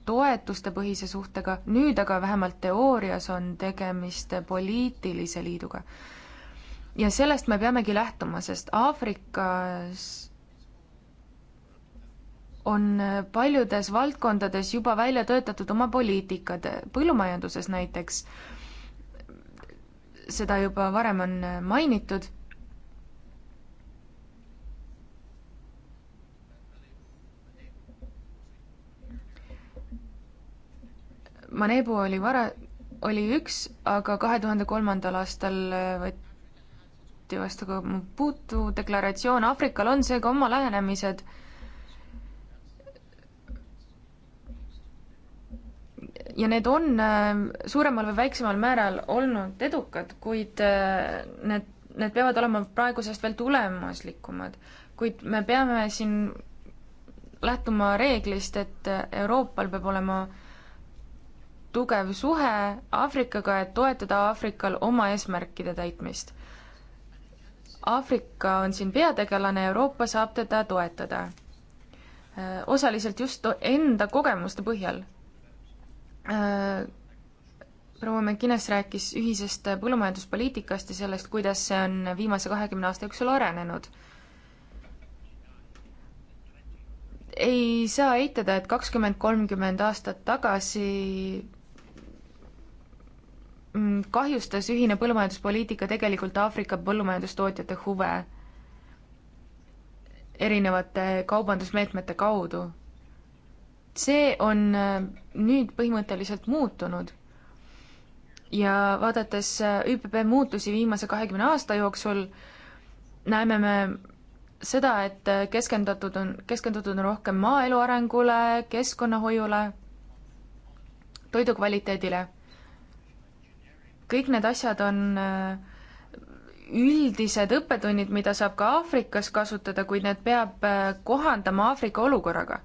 toetuste põhise suhtega, nüüd aga vähemalt teoorias on tegemist poliitilise liiduga ja sellest me peamegi lähtuma, sest Aafrikas on paljudes valdkondades juba välja töötatud oma poliitikad, põllumajanduses näiteks, seda juba varem on mainitud Manebu oli vara, oli üks, aga kahe tuhande kolmandal aastal võt-, võeti vastu ka Maputo deklaratsioon, Aafrikal on seega oma lähenemised. ja need on äh, suuremal või väiksemal määral olnud edukad, kuid äh, need, need peavad olema praegusest veel tulemuslikumad. kuid me peame siin lähtuma reeglist, et äh, Euroopal peab olema tugev suhe Aafrikaga, et toetada Aafrikal oma eesmärkide täitmist. Aafrika on siin peategelane, Euroopa saab teda toetada. Äh, osaliselt just enda kogemuste põhjal. Äh, proua McInnes rääkis ühisest põllumajanduspoliitikast ja sellest, kuidas see on viimase kahekümne aasta jooksul arenenud ei saa eitada, et kakskümmend, kolmkümmend aastat tagasi Mm, kahjustas ühine põllumajanduspoliitika tegelikult Aafrika põllumajandustootjate huve erinevate kaubandusmeetmete kaudu. see on äh, nüüd põhimõtteliselt muutunud ja vaadates äh, ÜPP muutusi viimase kahekümne aasta jooksul, näeme me seda, et äh, keskendatud on, keskendutud on rohkem maaelu arengule, keskkonnahoiule, toidu kvaliteedile kõik need asjad on äh, üldised õppetunnid, mida saab ka Aafrikas kasutada, kuid need peab äh, kohandama Aafrika olukorraga.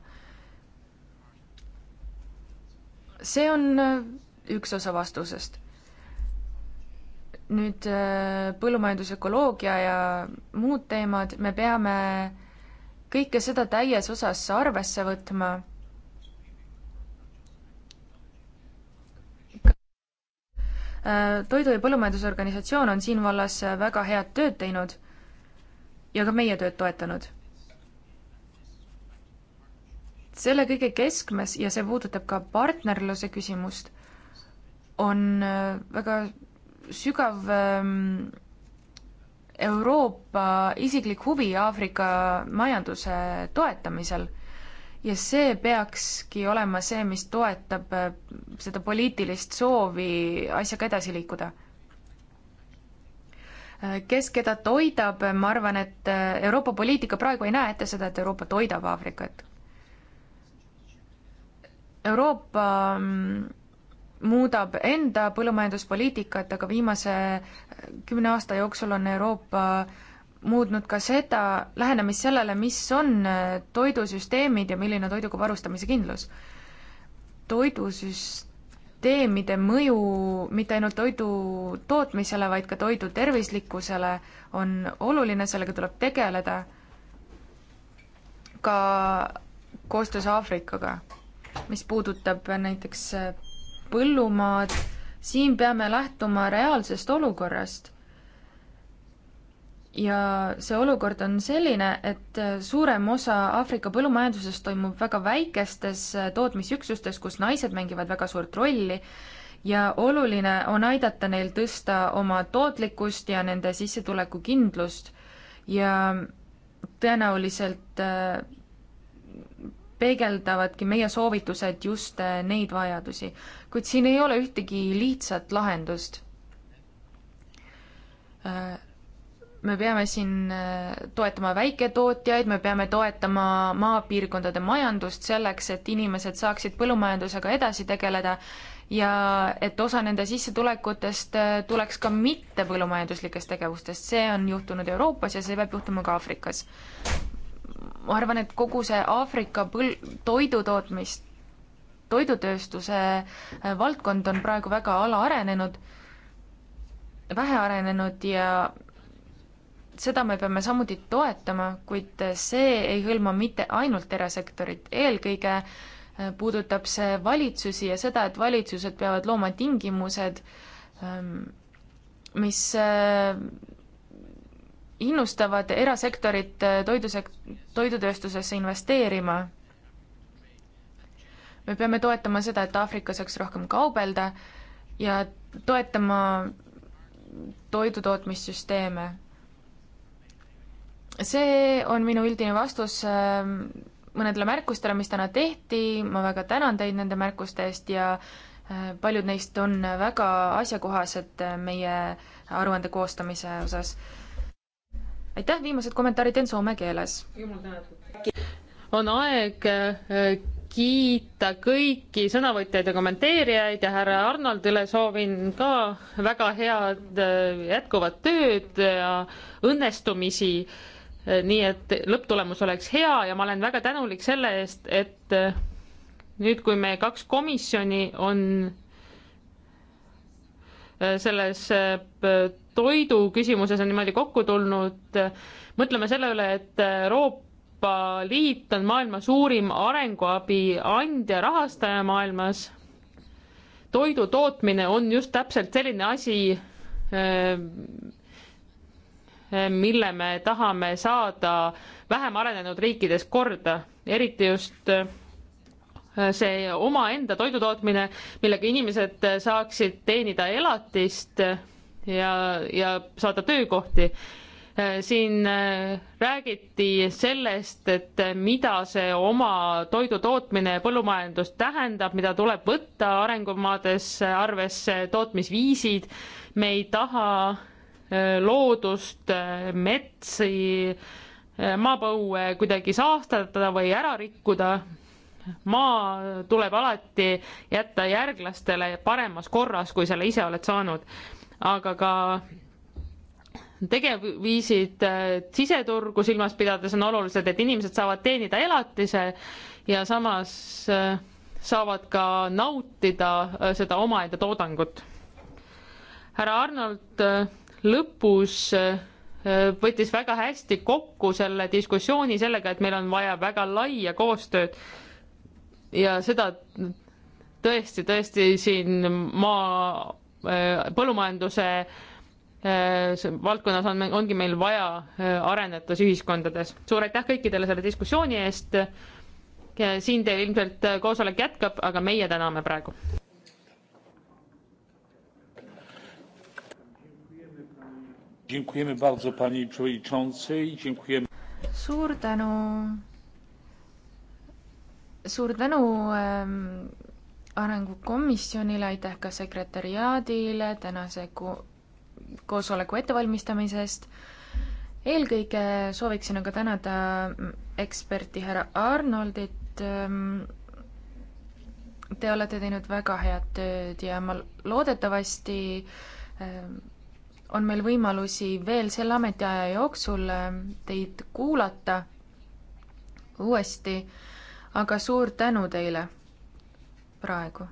see on äh, üks osa vastusest. nüüd põllumajandusökoloogia ja muud teemad, me peame kõike seda täies osas arvesse võtma Äh, toidu- ja põllumajandusorganisatsioon on siin vallas äh, väga head tööd teinud ja ka meie tööd toetanud. selle kõige keskmes ja see puudutab ka partnerluse küsimust, on äh, väga sügav ähm, Euroopa isiklik huvi Aafrika majanduse toetamisel ja see peakski olema see, mis toetab äh, seda poliitilist soovi asjaga edasi liikuda. Äh, kes keda toidab, äh, ma arvan, et Euroopa poliitika praegu ei näe ette seda, et Euroopa toidab Aafrikat. Euroopa mm, muudab enda põllumajanduspoliitikat, aga viimase kümne aasta jooksul on Euroopa äh, muutnud ka seda lähenemist sellele, mis on äh, toidusüsteemid ja milline toiduga varustamise kindlus. toidusüsteemide mõju mitte ainult toidu tootmisele, vaid ka toidu tervislikkusele on oluline, sellega tuleb tegeleda ka koostöös Aafrikaga, mis puudutab näiteks äh, põllumaad, siin peame lähtuma reaalsest olukorrast ja see olukord on selline, et äh, suurem osa Aafrika põllumajandusest toimub väga väikestes äh, tootmisüksustes, kus naised mängivad väga suurt rolli ja oluline on aidata neil tõsta oma tootlikkust ja nende sissetulekukindlust ja tõenäoliselt äh, peegeldavadki meie soovitused just neid vajadusi, kuid siin ei ole ühtegi lihtsat lahendust me peame siin äh, toetama väiketootjaid, me peame toetama maapiirkondade majandust selleks, et inimesed saaksid põllumajandusega edasi tegeleda ja et osa nende sissetulekutest äh, tuleks ka mittepõllumajanduslikest tegevustest, see on juhtunud Euroopas ja see peab juhtuma ka Aafrikas. ma arvan, et kogu see Aafrika põl-, toidutootmist, toidutööstuse äh, valdkond on praegu väga alaarenenud, vähearenenud ja seda me peame samuti toetama, kuid see ei hõlma mitte ainult erasektorit, eelkõige äh, puudutab see valitsusi ja seda, et valitsused peavad looma tingimused, ähm, mis äh, innustavad erasektorit äh, toidusek-, toidutööstusesse investeerima. me peame toetama seda, et Aafrika saaks rohkem kaubelda ja toetama toidutootmissüsteeme see on minu üldine vastus ähm, mõnedele märkustele, mis täna tehti, ma väga tänan teid nende märkuste eest ja äh, paljud neist on väga asjakohased äh, meie aruande koostamise osas. aitäh, viimased kommentaarid teen soome keeles. on aeg äh, kiita kõiki sõnavõtjaid ja kommenteerijaid ja härra Arnoldile soovin ka väga head jätkuvat tööd ja õnnestumisi nii et lõpptulemus oleks hea ja ma olen väga tänulik selle eest, et äh, nüüd, kui meie kaks komisjoni on äh, selles äh, toidu küsimuses on niimoodi kokku tulnud, mõtleme selle üle, et Euroopa Liit on maailma suurim arenguabi andja, rahastaja maailmas. toidu tootmine on just täpselt selline asi, mille me tahame saada vähem arenenud riikides korda, eriti just äh, see omaenda toidutootmine, millega inimesed saaksid teenida elatist ja, ja saada töökohti. Äh, siin äh, räägiti sellest, et mida see oma toidu tootmine ja põllumajandus tähendab, mida tuleb võtta arengumaades arvesse, tootmisviisid, me ei taha Äh, loodust, äh, metsi, äh, maapõue kuidagi saastada või ära rikkuda. maa tuleb alati jätta järglastele paremas korras, kui selle ise oled saanud. aga ka tegevviisid siseturgu silmas pidades on olulised, et inimesed saavad teenida elatise ja samas saavad ka nautida seda omaenda toodangut. härra Arnold lõpus äh, võttis väga hästi kokku selle diskussiooni sellega, et meil on vaja väga laia koostööd ja seda tõesti, tõesti siin maa, äh, põllumajanduse äh, valdkonnas on, ongi meil vaja arenevates ühiskondades. suur aitäh kõikidele selle diskussiooni eest. siin teil ilmselt koosolek jätkab, aga meie täname praegu. suur tänu. suur tänu ähm, arengukomisjonile, aitäh ka sekretäriaadile tänase ko koosoleku ettevalmistamisest. eelkõige sooviksin aga tänada mm, eksperti härra Arnoldit ähm, te olete teinud väga head tööd ja ma loodetavasti on meil võimalusi veel selle ametiaja jooksul äh, teid kuulata uuesti, aga suur tänu teile praegu.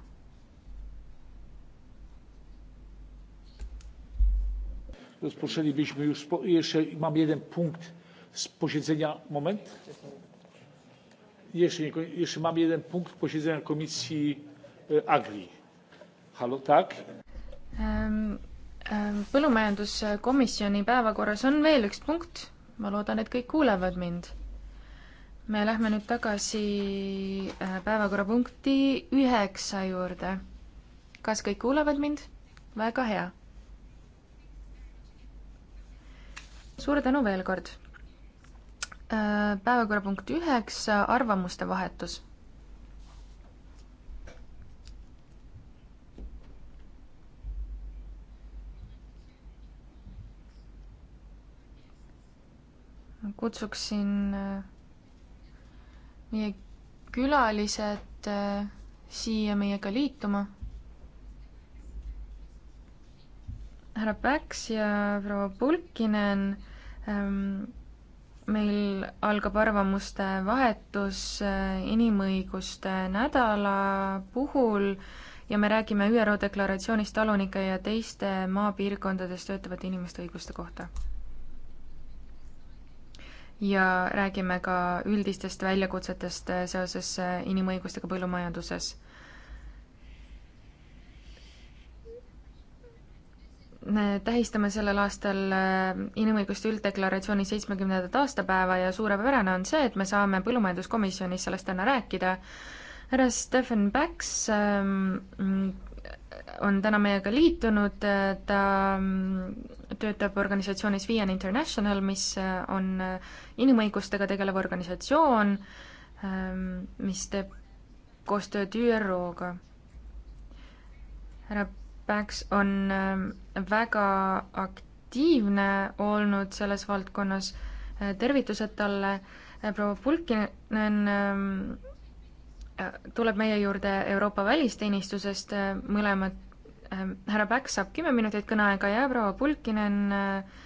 rozpoczęlibyśmy już, po, jeszcze mam jeden punkt z posiedzenia, moment, jeszcze, nie, jeszcze mam jeden punkt posiedzenia komisji e, Agri. Halo, tak? Um Äh, põllumajanduskomisjoni päevakorras on veel üks punkt, ma loodan, et kõik kuulevad mind. me lähme nüüd tagasi äh, päevakorrapunkti üheksa juurde. kas kõik kuulevad mind? väga hea. suur tänu veel kord. Äh, päevakorrapunkt üheksa, arvamuste vahetus kutsuksin äh, meie külalised äh, siia meiega liituma. härra Päks ja proua Pulkinen, ähm, meil algab arvamuste vahetus äh, inimõiguste nädala puhul ja me räägime ÜRO deklaratsioonist talunike ja teiste maapiirkondades töötavate inimeste õiguste kohta ja räägime ka üldistest väljakutsetest seoses äh, inimõigustega põllumajanduses. me tähistame sellel aastal äh, inimõiguste ülddeklaratsiooni seitsmekümnendat aastapäeva ja suurepärane on see, et me saame põllumajanduskomisjonis sellest täna rääkida. härra Stephen Backs ähm, on täna meiega liitunud, ta töötab organisatsioonis VN International, mis on inimõigustega tegelev organisatsioon, ähm, mis teeb koostööd ÜRO-ga. härra Päks on ähm, väga aktiivne olnud selles valdkonnas, äh, tervitused talle, äh, proua Pulkinen ähm, tuleb meie juurde Euroopa välisteenistusest, äh, mõlemad, äh, härra Päkk saab kümme minutit kõneaega ja proua Pulkinen äh,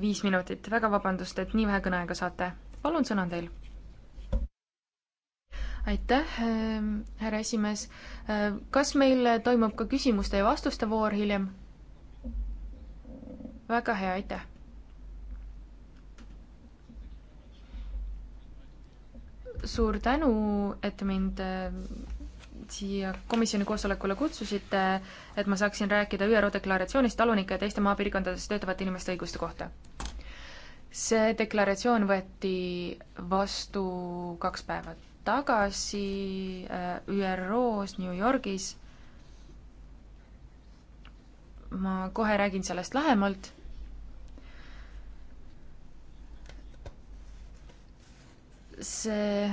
viis minutit. väga vabandust, et nii vähe kõneaega saate. palun, sõna on teil aitäh, ähm, härra esimees. kas meil toimub ka küsimuste ja vastuste voor hiljem? väga hea, aitäh suur tänu, et mind äh, siia komisjoni koosolekule kutsusite, et ma saaksin rääkida ÜRO deklaratsioonist talunike ja teiste maapiirkondades töötavate inimeste õiguste kohta. see deklaratsioon võeti vastu kaks päeva tagasi äh, ÜRO-s New Yorgis. ma kohe räägin sellest lähemalt see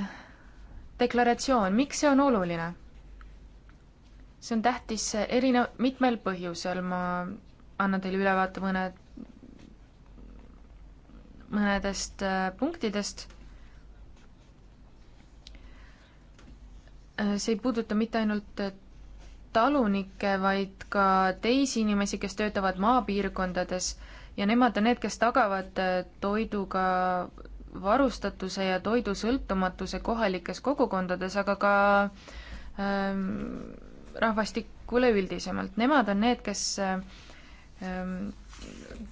deklaratsioon, miks see on oluline? see on tähtis erinev, mitmel põhjusel, ma annan teile ülevaate mõned, mõnedest äh, punktidest. Äh, see ei puuduta mitte ainult äh, talunikke, vaid ka teisi inimesi, kes töötavad maapiirkondades ja nemad on need, kes tagavad toiduga varustatuse ja toidu sõltumatuse kohalikes kogukondades, aga ka ähm, rahvastikku üleüldisemalt. Nemad on need, kes ähm,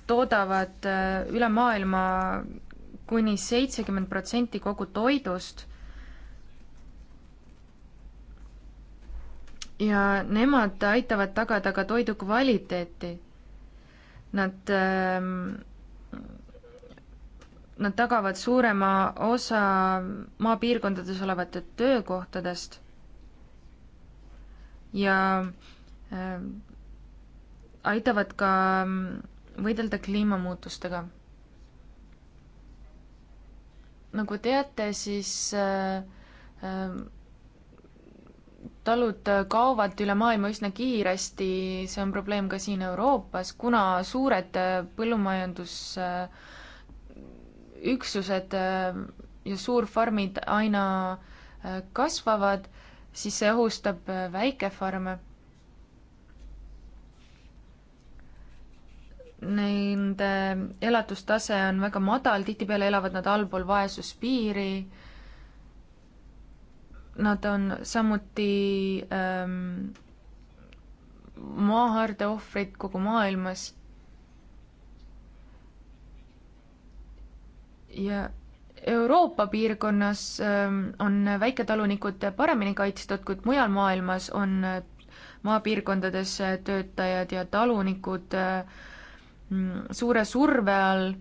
toodavad äh, üle maailma kuni seitsekümmend protsenti kogu toidust ja nemad aitavad tagada ka toidu kvaliteeti. Nad ähm, nad tagavad suurema osa maapiirkondades olevate töökohtadest ja äh, aitavad ka mm, võidelda kliimamuutustega. nagu teate, siis äh, äh, talud kaovad üle maailma üsna kiiresti, see on probleem ka siin Euroopas, kuna suured põllumajandus äh, üksused äh, ja suurfarmid aina äh, kasvavad, siis see ohustab äh, väikefarme. Nende elatustase on väga madal, tihtipeale elavad nad allpool vaesuspiiri. Nad on samuti ähm, maaharde ohvrid kogu maailmas ja Euroopa piirkonnas ähm, on väiketalunikud paremini kaitstud, kuid mujal maailmas on äh, maapiirkondades äh, töötajad ja talunikud äh, mm, suure surve all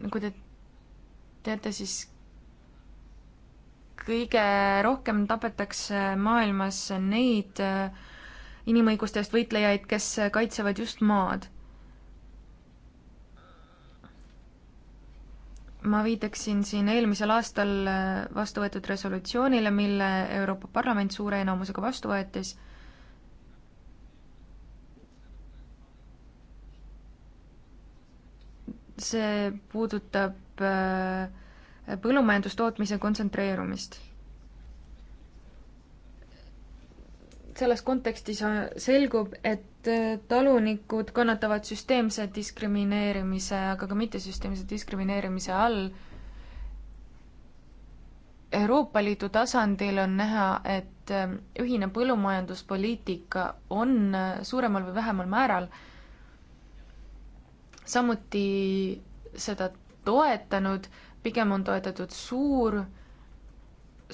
nagu te teate, siis kõige rohkem tapetakse maailmas neid äh, inimõiguste eest võitlejaid, kes kaitsevad just maad. ma viitaksin siin eelmisel aastal äh, vastu võetud resolutsioonile, mille Euroopa Parlament suure enamusega vastu võetis see puudutab äh, põllumajandustootmise kontsentreerumist. selles kontekstis selgub, et äh, talunikud kannatavad süsteemse diskrimineerimise, aga ka mittesüsteemse diskrimineerimise all. Euroopa Liidu tasandil on näha, et äh, ühine põllumajanduspoliitika on äh, suuremal või vähemal määral samuti seda toetanud, pigem on toetatud suur,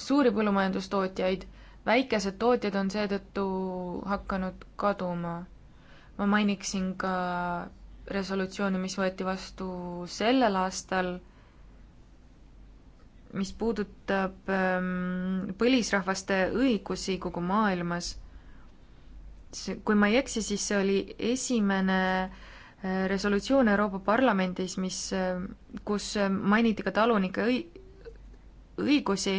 suuri põllumajandustootjaid väikesed tootjad on seetõttu hakanud kaduma. ma mainiksin ka resolutsiooni, mis võeti vastu sellel aastal, mis puudutab ähm, põlisrahvaste õigusi kogu maailmas. kui ma ei eksi, siis see oli esimene äh, resolutsioon Euroopa Parlamendis, mis, äh, kus äh, mainiti ka talunike õi-, õigusi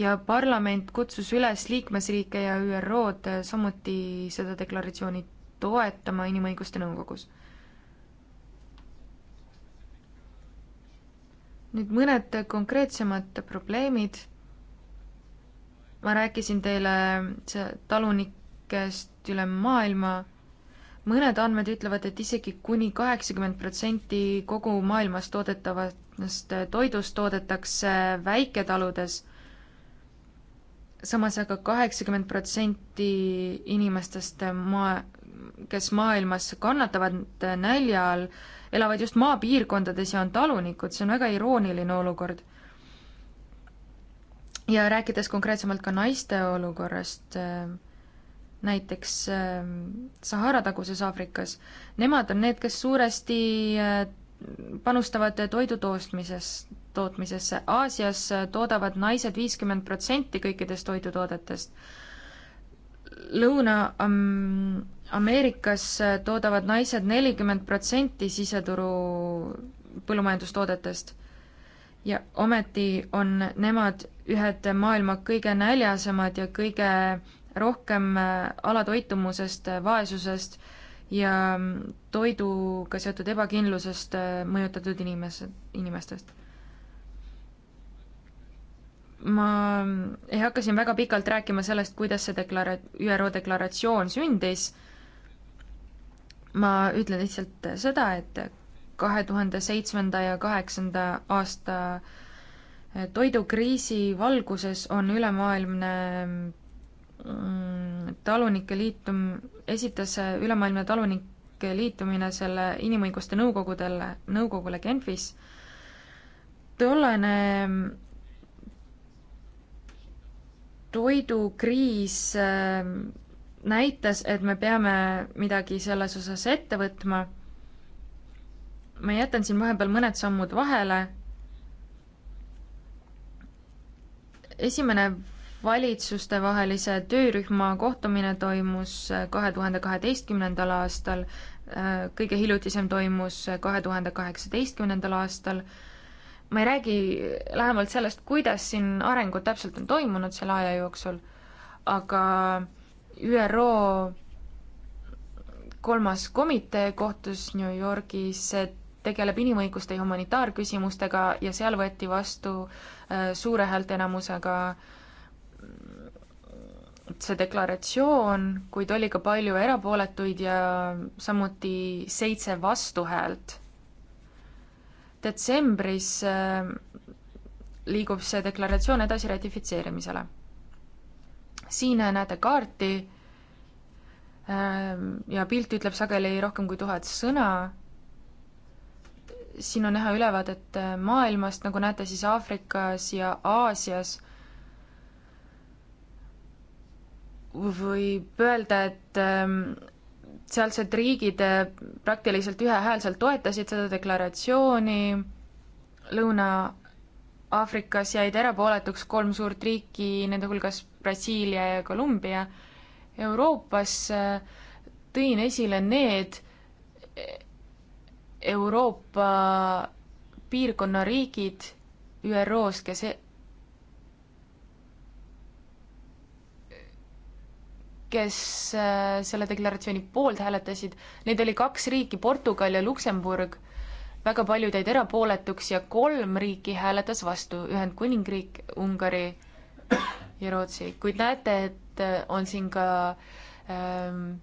ja parlament kutsus üles liikmesriike ja ÜRO-d samuti seda deklaratsiooni toetama Inimõiguste Nõukogus. nüüd mõned konkreetsemad probleemid. ma rääkisin teile talunikest üle maailma mõned andmed ütlevad, et isegi kuni kaheksakümmend protsenti kogu maailmas toodetavast toidust toodetakse väiketaludes samas aga kaheksakümmend protsenti inimestest maa, kes maailmas kannatavad nälja all, elavad just maapiirkondades ja on talunikud, see on väga irooniline olukord. ja rääkides konkreetsemalt ka naiste olukorrast, äh, näiteks äh, Sahara-taguses Aafrikas, nemad on need, kes suuresti äh, panustavad toidu toostmises, tootmisesse. Aasias toodavad naised viiskümmend protsenti kõikidest toidutoodetest. Lõuna-Ameerikas toodavad naised nelikümmend protsenti siseturu põllumajandustoodetest. ja ometi on nemad ühed maailma kõige näljasemad ja kõige rohkem alatoitumusest, vaesusest ja toiduga seotud ebakindlusest mõjutatud inimesed, inimestest ma hakkasin väga pikalt rääkima sellest, kuidas see deklara-, ÜRO deklaratsioon sündis, ma ütlen lihtsalt seda, et kahe tuhande seitsmenda ja kaheksanda aasta toidukriisi valguses on ülemaailmne mm, talunike liitum, esitas Ülemaailmne Talunike Liitumine selle Inimõiguste Nõukogudele, nõukogule Genfis, tollane toidukriis ähm, näitas, et me peame midagi selles osas ette võtma. ma jätan siin vahepeal mõned sammud vahele. esimene valitsustevahelise töörühma kohtumine toimus äh, kahe tuhande kaheteistkümnendal aastal, äh, kõige hiljutisem toimus äh, kahe tuhande kaheksateistkümnendal aastal ma ei räägi lähemalt sellest, kuidas siin arengud täpselt on toimunud selle aja jooksul, aga ÜRO kolmas komitee kohtus New Yorgis, tegeleb inimõiguste ja humanitaarküsimustega ja seal võeti vastu äh, suure häälteenamusega mm, see deklaratsioon, kuid oli ka palju erapooletuid ja samuti seitse vastuhäält detsembris äh, liigub see deklaratsioon edasi ratifitseerimisele. siin äh, näete kaarti ähm, ja pilt ütleb sageli rohkem kui tuhat sõna. siin on näha ülevaadet äh, maailmast, nagu näete, siis Aafrikas ja Aasias võib öelda, et ähm, sealsed riigid äh, praktiliselt ühehäälselt toetasid seda deklaratsiooni, Lõuna-Aafrikas jäid erapooletuks kolm suurt riiki, nende hulgas Brasiilia ja Kolumbia. Euroopas äh, tõin esile need e, Euroopa piirkonna riigid ÜRO-s, kes e, kes äh, selle deklaratsiooni poolt hääletasid, neid oli kaks riiki, Portugal ja Luksemburg, väga paljud jäid erapooletuks ja kolm riiki hääletas vastu, Ühendkuningriik, Ungari ja Rootsi, kuid näete, et äh, on siin ka ähm,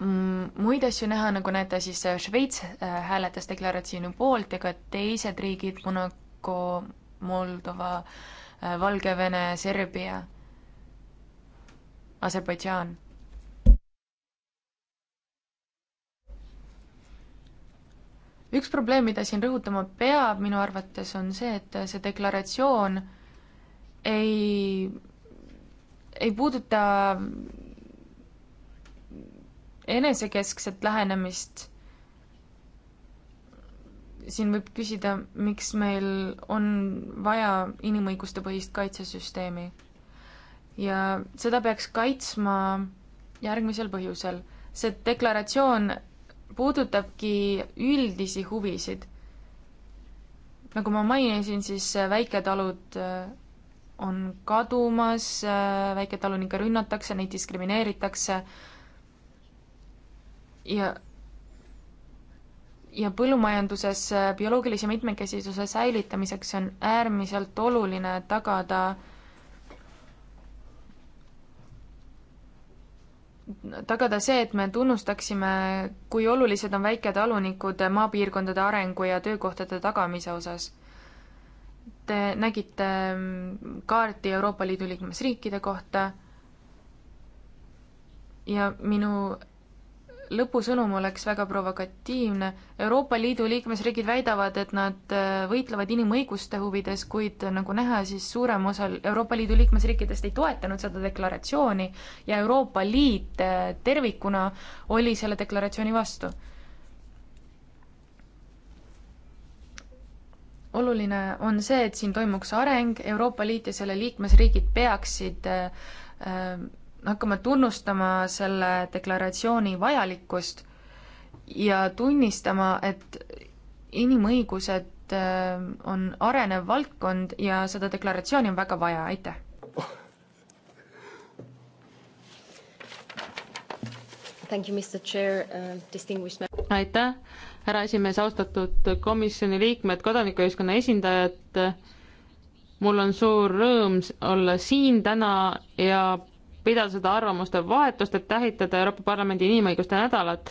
mm, muid asju näha, nagu näete, siis äh, Šveits hääletas deklaratsiooni poolt ja ka teised riigid, Monaco, Moldova, Valgevene, Serbia Aserbaidžaan. üks probleem, mida siin rõhutama peab minu arvates, on see, et see deklaratsioon ei, ei puuduta enesekeskset lähenemist. siin võib küsida, miks meil on vaja inimõiguste põhist kaitsesüsteemi ja seda peaks kaitsma järgmisel põhjusel. see deklaratsioon puudutabki üldisi huvisid. nagu ma mainisin, siis väiketalud äh, on kadumas, äh, väiketalunikke rünnatakse, neid diskrimineeritakse ja ja põllumajanduses äh, bioloogilise mitmekesisuse säilitamiseks on äärmiselt oluline tagada äh, tagada see, et me tunnustaksime, kui olulised on väiketalunikud maapiirkondade arengu ja töökohtade tagamise osas. Te nägite mm, kaarti Euroopa Liidu liikmesriikide kohta ja minu lõpusõnum oleks väga provokatiivne. Euroopa Liidu liikmesriigid väidavad, et nad äh, võitlevad inimõiguste huvides, kuid nagu näha, siis suurem osal Euroopa Liidu liikmesriikidest ei toetanud seda deklaratsiooni ja Euroopa Liit äh, tervikuna oli selle deklaratsiooni vastu. oluline on see, et siin toimuks areng, Euroopa Liit ja selle liikmesriigid peaksid äh, äh hakkame tunnustama selle deklaratsiooni vajalikkust ja tunnistama, et inimõigused äh, on arenev valdkond ja seda deklaratsiooni on väga vaja, aitäh! Thank you, Mr Chair uh,, distinguished member. aitäh, härra esimees, austatud komisjoni liikmed, kodanikuühiskonna esindajad, mul on suur rõõm olla siin täna ja pidada seda arvamuste vahetust, et tähitada Euroopa Parlamendi inimõiguste nädalat.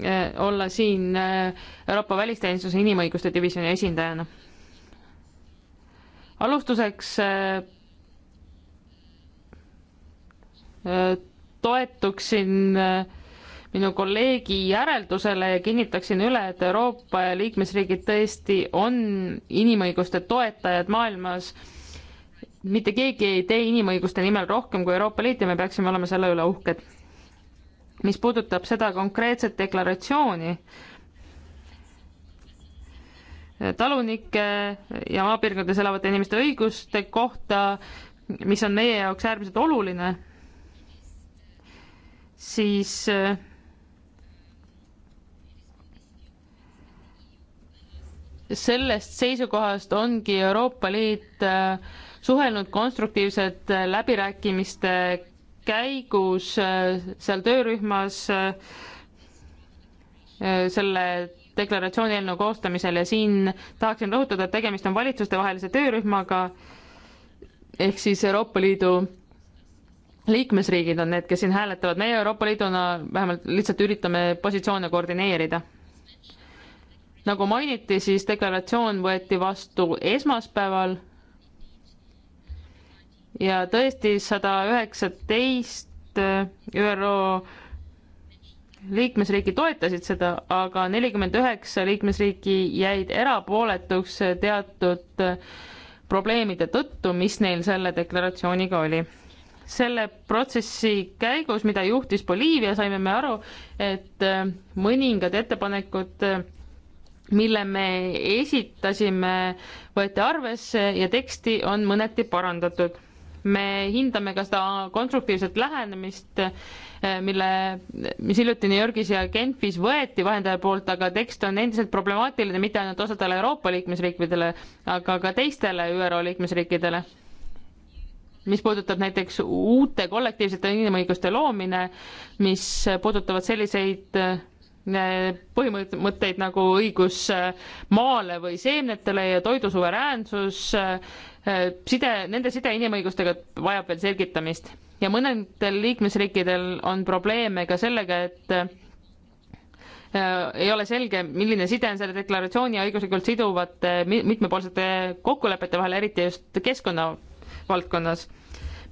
Eh, olla siin eh, Euroopa Välisteenistuse inimõiguste divisjoni esindajana. alustuseks eh, toetuksin minu kolleegi järeldusele ja kinnitaksin üle, et Euroopa ja liikmesriigid tõesti on inimõiguste toetajad maailmas mitte keegi ei tee inimõiguste nimel rohkem kui Euroopa Liit ja me peaksime olema selle üle uhked. mis puudutab seda konkreetset deklaratsiooni, talunike ja maapiirkondades elavate inimeste õiguste kohta, mis on meie jaoks äärmiselt oluline, siis sellest seisukohast ongi Euroopa Liit äh, suhelnud konstruktiivselt äh, läbirääkimiste käigus äh, seal töörühmas äh, selle deklaratsiooni eelnõu koostamisel ja siin tahaksin rõhutada, et tegemist on valitsustevahelise töörühmaga ehk siis Euroopa Liidu liikmesriigid on need, kes siin hääletavad, meie Euroopa Liiduna vähemalt lihtsalt üritame positsioone koordineerida. nagu mainiti, siis deklaratsioon võeti vastu esmaspäeval ja tõesti sada üheksateist äh, ÜRO liikmesriiki toetasid seda, aga nelikümmend üheksa liikmesriiki jäid erapooletuks teatud äh, probleemide tõttu, mis neil selle deklaratsiooniga oli. selle protsessi käigus, mida juhtis Boliivia, saime me aru, et äh, mõningad ettepanekud mille me esitasime, võeti arvesse ja teksti on mõneti parandatud me hindame ka seda konstruktiivset lähenemist, eh, mille, mis hiljuti New Yorgis ja Genfis võeti vahendaja poolt, aga tekst on endiselt problemaatiline mitte ainult osadele Euroopa liikmesriikidele, aga ka teistele ÜRO liikmesriikidele. mis puudutab näiteks uute kollektiivsete inimõiguste loomine, mis puudutavad selliseid eh, põhimõtteid nagu õigus eh, maale või seemnetele ja toidusuveräänsus, Äh, side, nende side inimõigustega vajab veel selgitamist ja mõnedel liikmesriikidel on probleeme ka sellega, et äh, ei ole selge, milline side on selle deklaratsiooni ja õiguslikult siduvate mitmepoolsete kokkulepete vahel, eriti just keskkonna valdkonnas.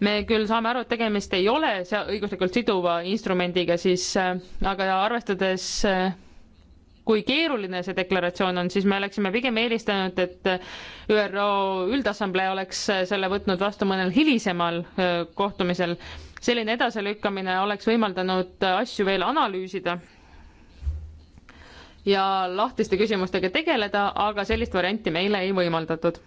me küll saame aru, et tegemist ei ole õiguslikult siduva instrumendiga, siis äh, aga arvestades kui keeruline see deklaratsioon on, siis me oleksime pigem eelistanud, et ÜRO Üldassamblee oleks selle võtnud vastu mõnel hilisemal kohtumisel. selline edasilükkamine oleks võimaldanud asju veel analüüsida ja lahtiste küsimustega tegeleda, aga sellist varianti meile ei võimaldatud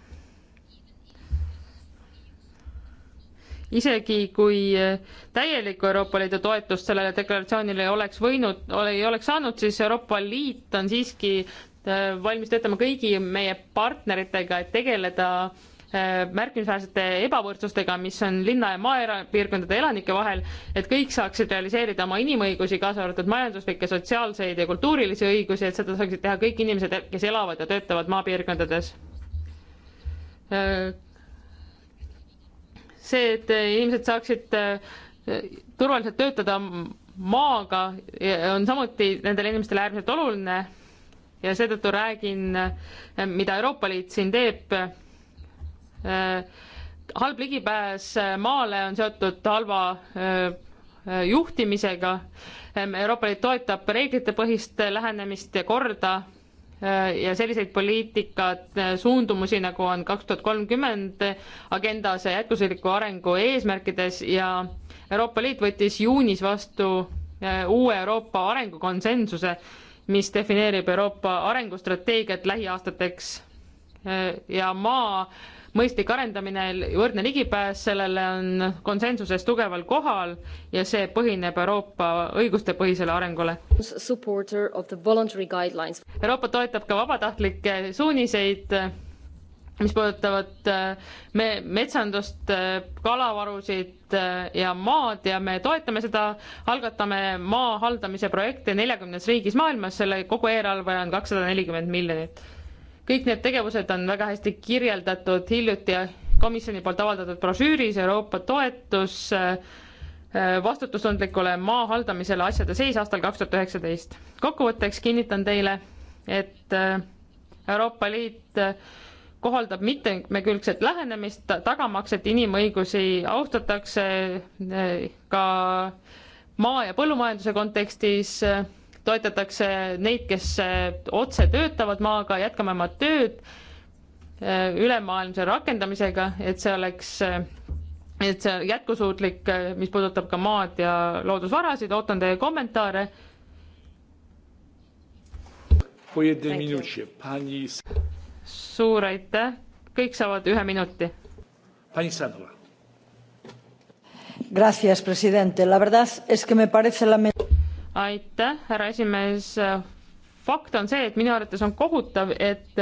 isegi kui eh, täielikku Euroopa Liidu toetust sellele deklaratsioonile ei oleks võinud, ei oleks saanud, siis Euroopa Liit on siiski eh, valmis töötama kõigi meie partneritega, et tegeleda eh, märkimisväärsete ebavõrdsustega, mis on linna ja maapiirkondade elanike vahel, et kõik saaksid realiseerida oma inimõigusi, kaasa arvatud majanduslikke, sotsiaalseid ja kultuurilisi õigusi, et seda saaksid teha kõik inimesed, kes elavad ja töötavad maapiirkondades see, et inimesed saaksid äh, turvaliselt töötada maaga, on samuti nendele inimestele äärmiselt oluline ja seetõttu räägin, äh, mida Euroopa Liit siin teeb. Äh, halb ligipääs maale on seotud halva juhtimisega. Euroopa Liit toetab reeglitepõhist lähenemist ja korda Äh, ja selliseid poliitikat, äh, suundumusi, nagu on kaks tuhat kolmkümmend agendas jätkusuutliku arengu eesmärkides ja Euroopa Liit võttis juunis vastu äh, uue Euroopa arengukonsensuse, mis defineerib Euroopa arengustrateegiat lähiaastateks ja maa mõistlik arendamine, võrdne ligipääs sellele on konsensuses tugeval kohal ja see põhineb Euroopa õigustepõhisele arengule. Euroopa toetab ka vabatahtlikke suuniseid mis puudutavad äh, me metsandust, äh, kalavarusid äh, ja maad ja me toetame seda, algatame maa haldamise projekte neljakümnes riigis maailmas, selle kogu eelarve on kakssada nelikümmend miljonit kõik need tegevused on väga hästi kirjeldatud hiljuti komisjoni poolt avaldatud brošüüris Euroopa toetus äh, äh, vastutustundlikule maa haldamisele asjade seis aastal kaks tuhat üheksateist. kokkuvõtteks kinnitan teile, et äh, Euroopa Liit kohaldab mitmekülgset lähenemist, tagamaks, et inimõigusi austatakse ka maa- ja põllumajanduse kontekstis toetatakse neid, kes eh, otse töötavad maaga, jätkame oma tööd eh, ülemaailmse rakendamisega, et see oleks, eh, et see jätkusuutlik, mis puudutab ka maad ja loodusvarasid, ootan teie kommentaare. suur aitäh, kõik saavad ühe minuti. Gracias, presidente. La verdad es que me parece lamentable aitäh, härra esimees. fakt on see, et minu arvates on kohutav, et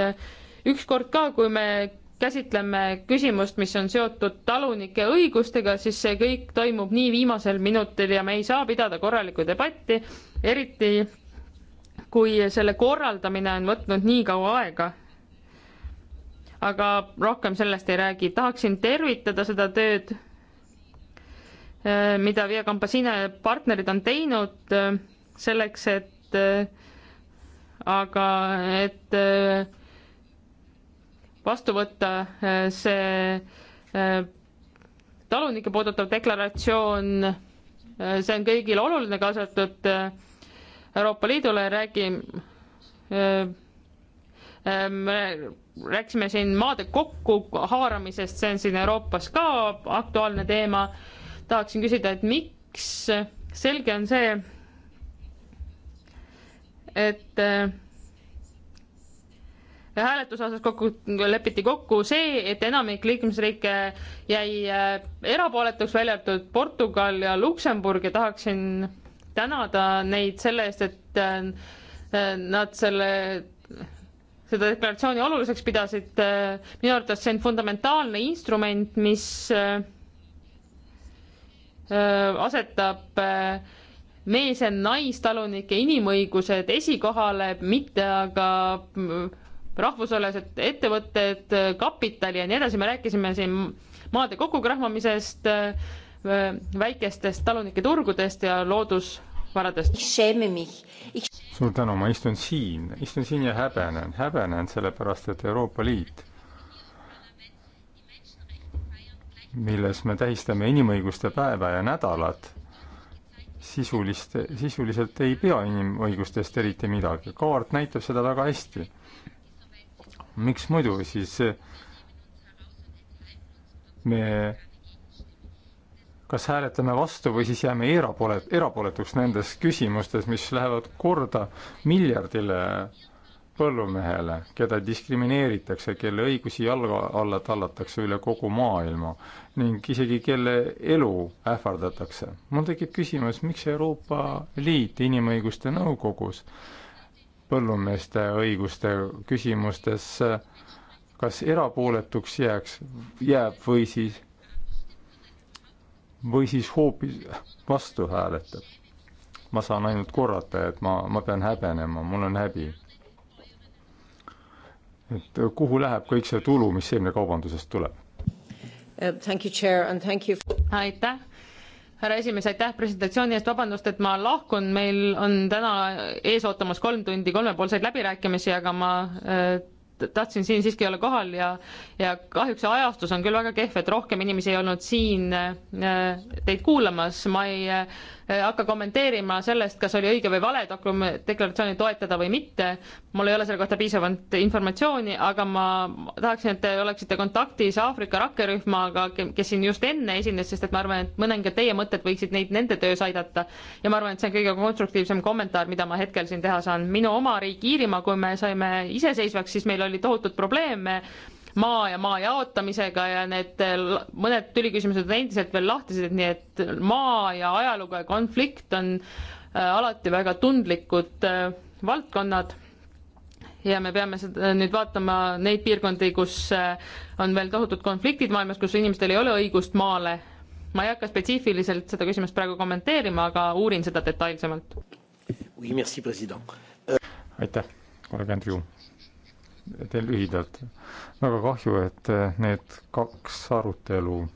ükskord ka, kui me käsitleme küsimust, mis on seotud talunike õigustega, siis see kõik toimub nii viimasel minutil ja me ei saa pidada korralikku debatti, eriti kui selle korraldamine on võtnud nii kaua aega. aga rohkem sellest ei räägi, tahaksin tervitada seda tööd Äh, mida Via Campesina partnerid on teinud äh, selleks, et äh, aga et vastu võtta see talunike puudutav deklaratsioon, see on kõigile oluline, kaasa arvatud Euroopa Liidule, räägi-, ähm, me rääkisime siin maade kokkuhaaramisest, see on siin Euroopas ka aktuaalne teema tahaksin küsida, et miks, selge on see, et äh, hääletuse osas kokku lepiti kokku see, et enamik liikmesriike jäi äh, erapooletuks, välja arvatud Portugal ja Luksemburg ja tahaksin tänada neid selle eest, et äh, nad selle, seda deklaratsiooni oluliseks pidasid. minu arvates see on fundamentaalne instrument, mis asetab mees- ja naistalunike inimõigused esikohale, mitte aga rahvusvahelised ettevõtted, kapital ja nii edasi, me rääkisime siin maade kokkukrahmamisest, väikestest talunike turgudest ja loodusvaradest. suur tänu, ma istun siin, istun siin ja häbenen, häbenen sellepärast, et Euroopa Liit milles me tähistame inimõiguste päeva ja nädalat, sisulist, sisuliselt ei pea inimõigustest eriti midagi. kaart näitab seda väga hästi. miks muidu siis me kas hääletame vastu või siis jääme erapoole, erapooletuks nendes küsimustes, mis lähevad korda miljardile põllumehele, keda diskrimineeritakse, kelle õigusi jalga alla tallatakse üle kogu maailma ning isegi kelle elu ähvardatakse. mul tekib küsimus, miks Euroopa Liit Inimõiguste Nõukogus põllumeeste õiguste küsimustes kas erapooletuks jääks, jääb või siis, või siis hoopis vastu hääletab. ma saan ainult korrata, et ma, ma pean häbenema, mul on häbi. et kuhu läheb kõik see tulu, mis seemnekaubandusest tuleb? Uh, thank you, chair, and thank you. aitäh, härra esimees, aitäh presentatsiooni eest, vabandust, et ma lahkun, meil on täna ees ootamas kolm tundi kolmepoolseid läbirääkimisi, aga ma äh, tahtsin siin siiski olla kohal ja, ja kahjuks see ajastus on küll väga kehv, et rohkem inimesi ei olnud siin äh, teid kuulamas. ma ei äh, hakka kommenteerima sellest, kas oli õige või vale deklaratsiooni toetada või mitte. mul ei ole selle kohta piisavalt informatsiooni, aga ma tahaksin, et te oleksite kontaktis Aafrika rakkerühmaga, kes siin just enne esines, sest et ma arvan, et mõningad teie mõtted võiksid neid nende töös aidata. ja ma arvan, et see on kõige konstruktiivsem kommentaar, mida ma hetkel siin teha saan. minu oma riik Iirimaa, kui me saime iseseisvaks, siis meil oli oli tohutud probleeme maa ja maa jaotamisega ja need mõned tüliküsimused on endiselt veel lahtised, nii et maa ja ajalugu ja konflikt on äh, alati väga tundlikud äh, valdkonnad ja me peame seda äh, nüüd vaatama neid piirkondi, kus on veel tohutud konfliktid maailmas, kus inimestel ei ole õigust maale. ma ei hakka spetsiifiliselt seda küsimust praegu kommenteerima, aga uurin seda detailsemalt oui,. aitäh, kolleeg Andrei teen lühidalt. väga kahju, et eh, need kaks arutelu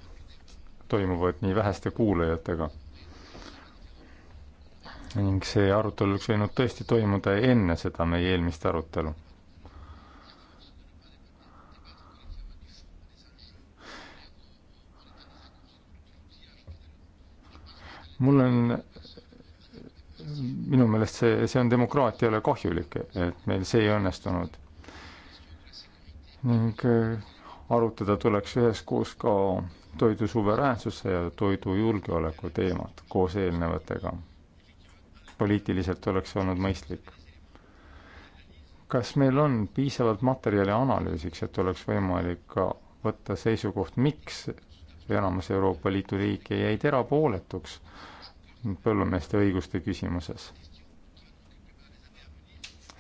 toimuvad nii väheste kuulajatega. ning see arutelu oleks võinud tõesti toimuda enne seda meie eelmist arutelu. mul on minu meelest see, see on demokraatiale kahjulik, et meil see ei õnnestunud ning äh, arutada tuleks üheskoos ka toidu suveräänsuse ja toidujulgeoleku teemat koos eelnevatega. poliitiliselt oleks olnud mõistlik. kas meil on piisavalt materjali analüüsiks, et oleks võimalik ka võtta seisukoht, miks enamus Euroopa Liidu riike jäid erapooletuks põllumeeste õiguste küsimuses?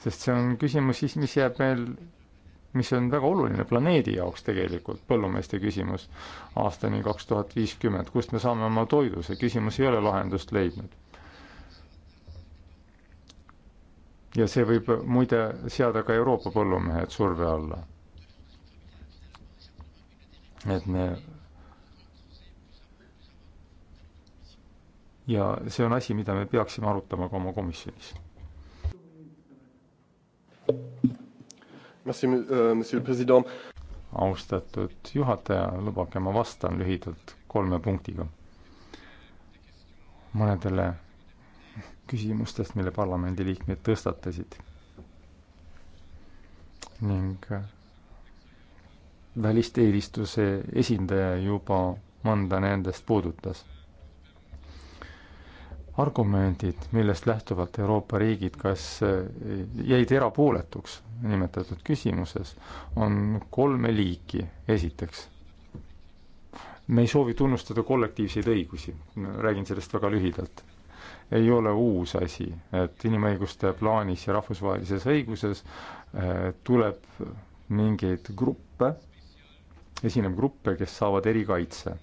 sest see on küsimus siis, mis jääb meil mis on väga oluline planeedi jaoks tegelikult, põllumeeste küsimus, aastani kaks tuhat viiskümmend, kust me saame oma toidu, see küsimus ei ole lahendust leidnud. ja see võib muide seada ka Euroopa põllumehed surve alla. et me ja see on asi, mida me peaksime arutama ka oma komisjonis Euh, austatud juhataja, lubage, ma vastan lühidalt kolme punktiga mõnedele küsimustest, mille parlamendiliikmed tõstatasid. ning välisteenistuse esindaja juba mõnda nendest puudutas argumendid, millest lähtuvalt Euroopa riigid kas eh, jäid erapooletuks nimetatud küsimuses, on kolme liiki. esiteks, me ei soovi tunnustada kollektiivseid õigusi, räägin sellest väga lühidalt. ei ole uus asi, et inimõiguste plaanis ja rahvusvahelises õiguses eh, tuleb mingeid gruppe, esineb gruppe, kes saavad erikaitse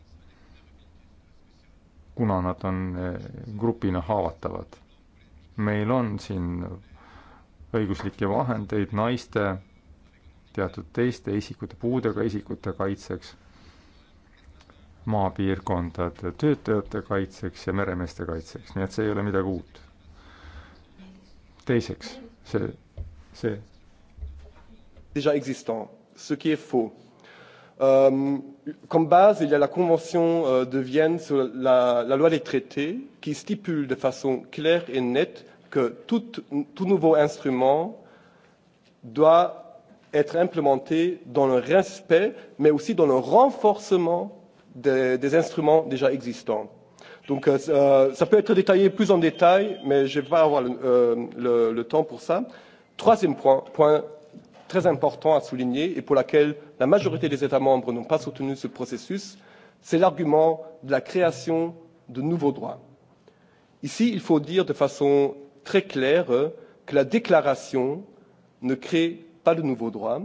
kuna nad on eh, grupina haavatavad. meil on siin õiguslikke vahendeid naiste, teatud teiste isikute, puudega isikute kaitseks, maapiirkondade töötajate kaitseks ja meremeeste kaitseks, nii et see ei ole midagi uut. teiseks, see, see. Déjà existant, ce qui est faux um, comme base, il y a la Convention euh, de Vienne sur la, la loi des traités qui stipule de façon claire et nette que tout, tout nouveau instrument doit être implémenté dans le respect, mais aussi dans le renforcement des, des instruments déjà existants. Donc euh, ça euh, peut être détaillé plus en détail, mais je ne vais pas avoir le, euh, le, le temps pour ça. Troisième point, point très important à souligner et pour laquelle la majorité des États membres n'ont pas soutenu ce processus, c'est l'argument de la création de nouveaux droits. Ici, il faut dire de façon très claire euh, que la déclaration ne crée pas de nouveaux droits.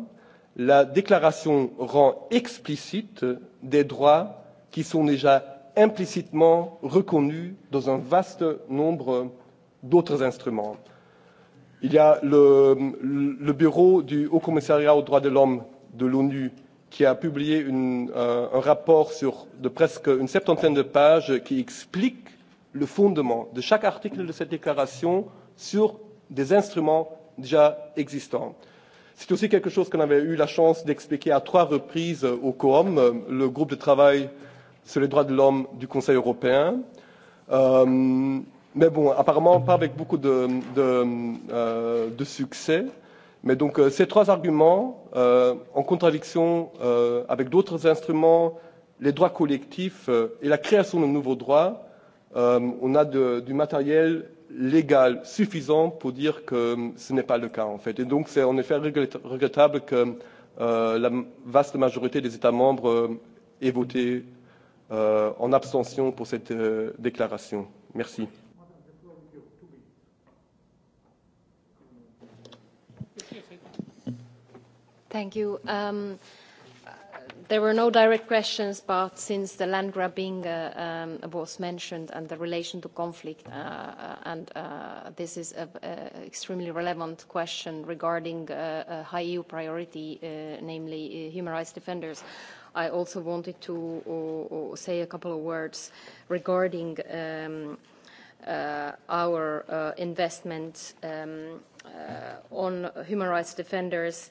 La déclaration rend explicites euh, des droits qui sont déjà implicitement reconnus dans un vaste nombre d'autres instruments. Il y a le, le bureau du Haut Commissariat aux droits de l'homme de l'ONU qui a publié une, euh, un rapport sur de presque une septantaine de pages qui explique le fondement de chaque article de cette déclaration sur des instruments déjà existants. C'est aussi quelque chose qu'on avait eu la chance d'expliquer à trois reprises au COOM, le groupe de travail sur les droits de l'homme du Conseil européen. Euh, Mais bon, apparemment pas avec beaucoup de, de, euh, de succès. Mais donc euh, ces trois arguments, euh, en contradiction euh, avec d'autres instruments, les droits collectifs euh, et la création de nouveaux droits, euh, on a de, du matériel légal suffisant pour dire que euh, ce n'est pas le cas en fait. Et donc c'est en effet regrettable que euh, la vaste majorité des États membres euh, aient voté euh, en abstention pour cette euh, déclaration. Merci. Thank you. Um, there were no direct questions, but since the land grabbing uh, um, was mentioned and the relation to conflict, uh, uh and uh, this is an extremely relevant question regarding uh, a high EU priority, uh, namely human rights defenders, I also wanted to or, or say a couple of words regarding um, Uh, our uh, investment um, uh, on human rights defenders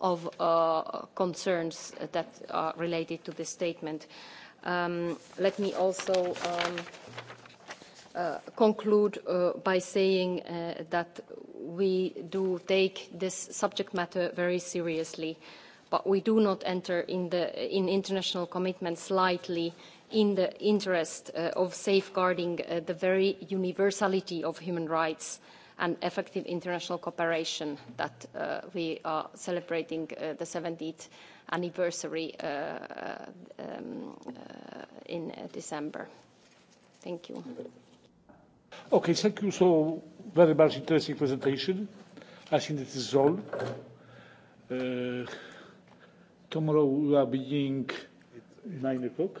of uh, concerns that are related to this statement. Um, let me also um, uh, conclude uh, by saying uh, that we do take this subject matter very seriously, but we do not enter in, the, in international commitments lightly in the interest uh, of safeguarding uh, the very universality of human rights uh, and effective international cooperation that uh, we are celebrating uh, the 70th anniversary uh, um, uh, in uh, December. Thank you. Okay, thank you so very much interesting presentation. I think this is all. Uh, tomorrow we are beginning 9 o'clock.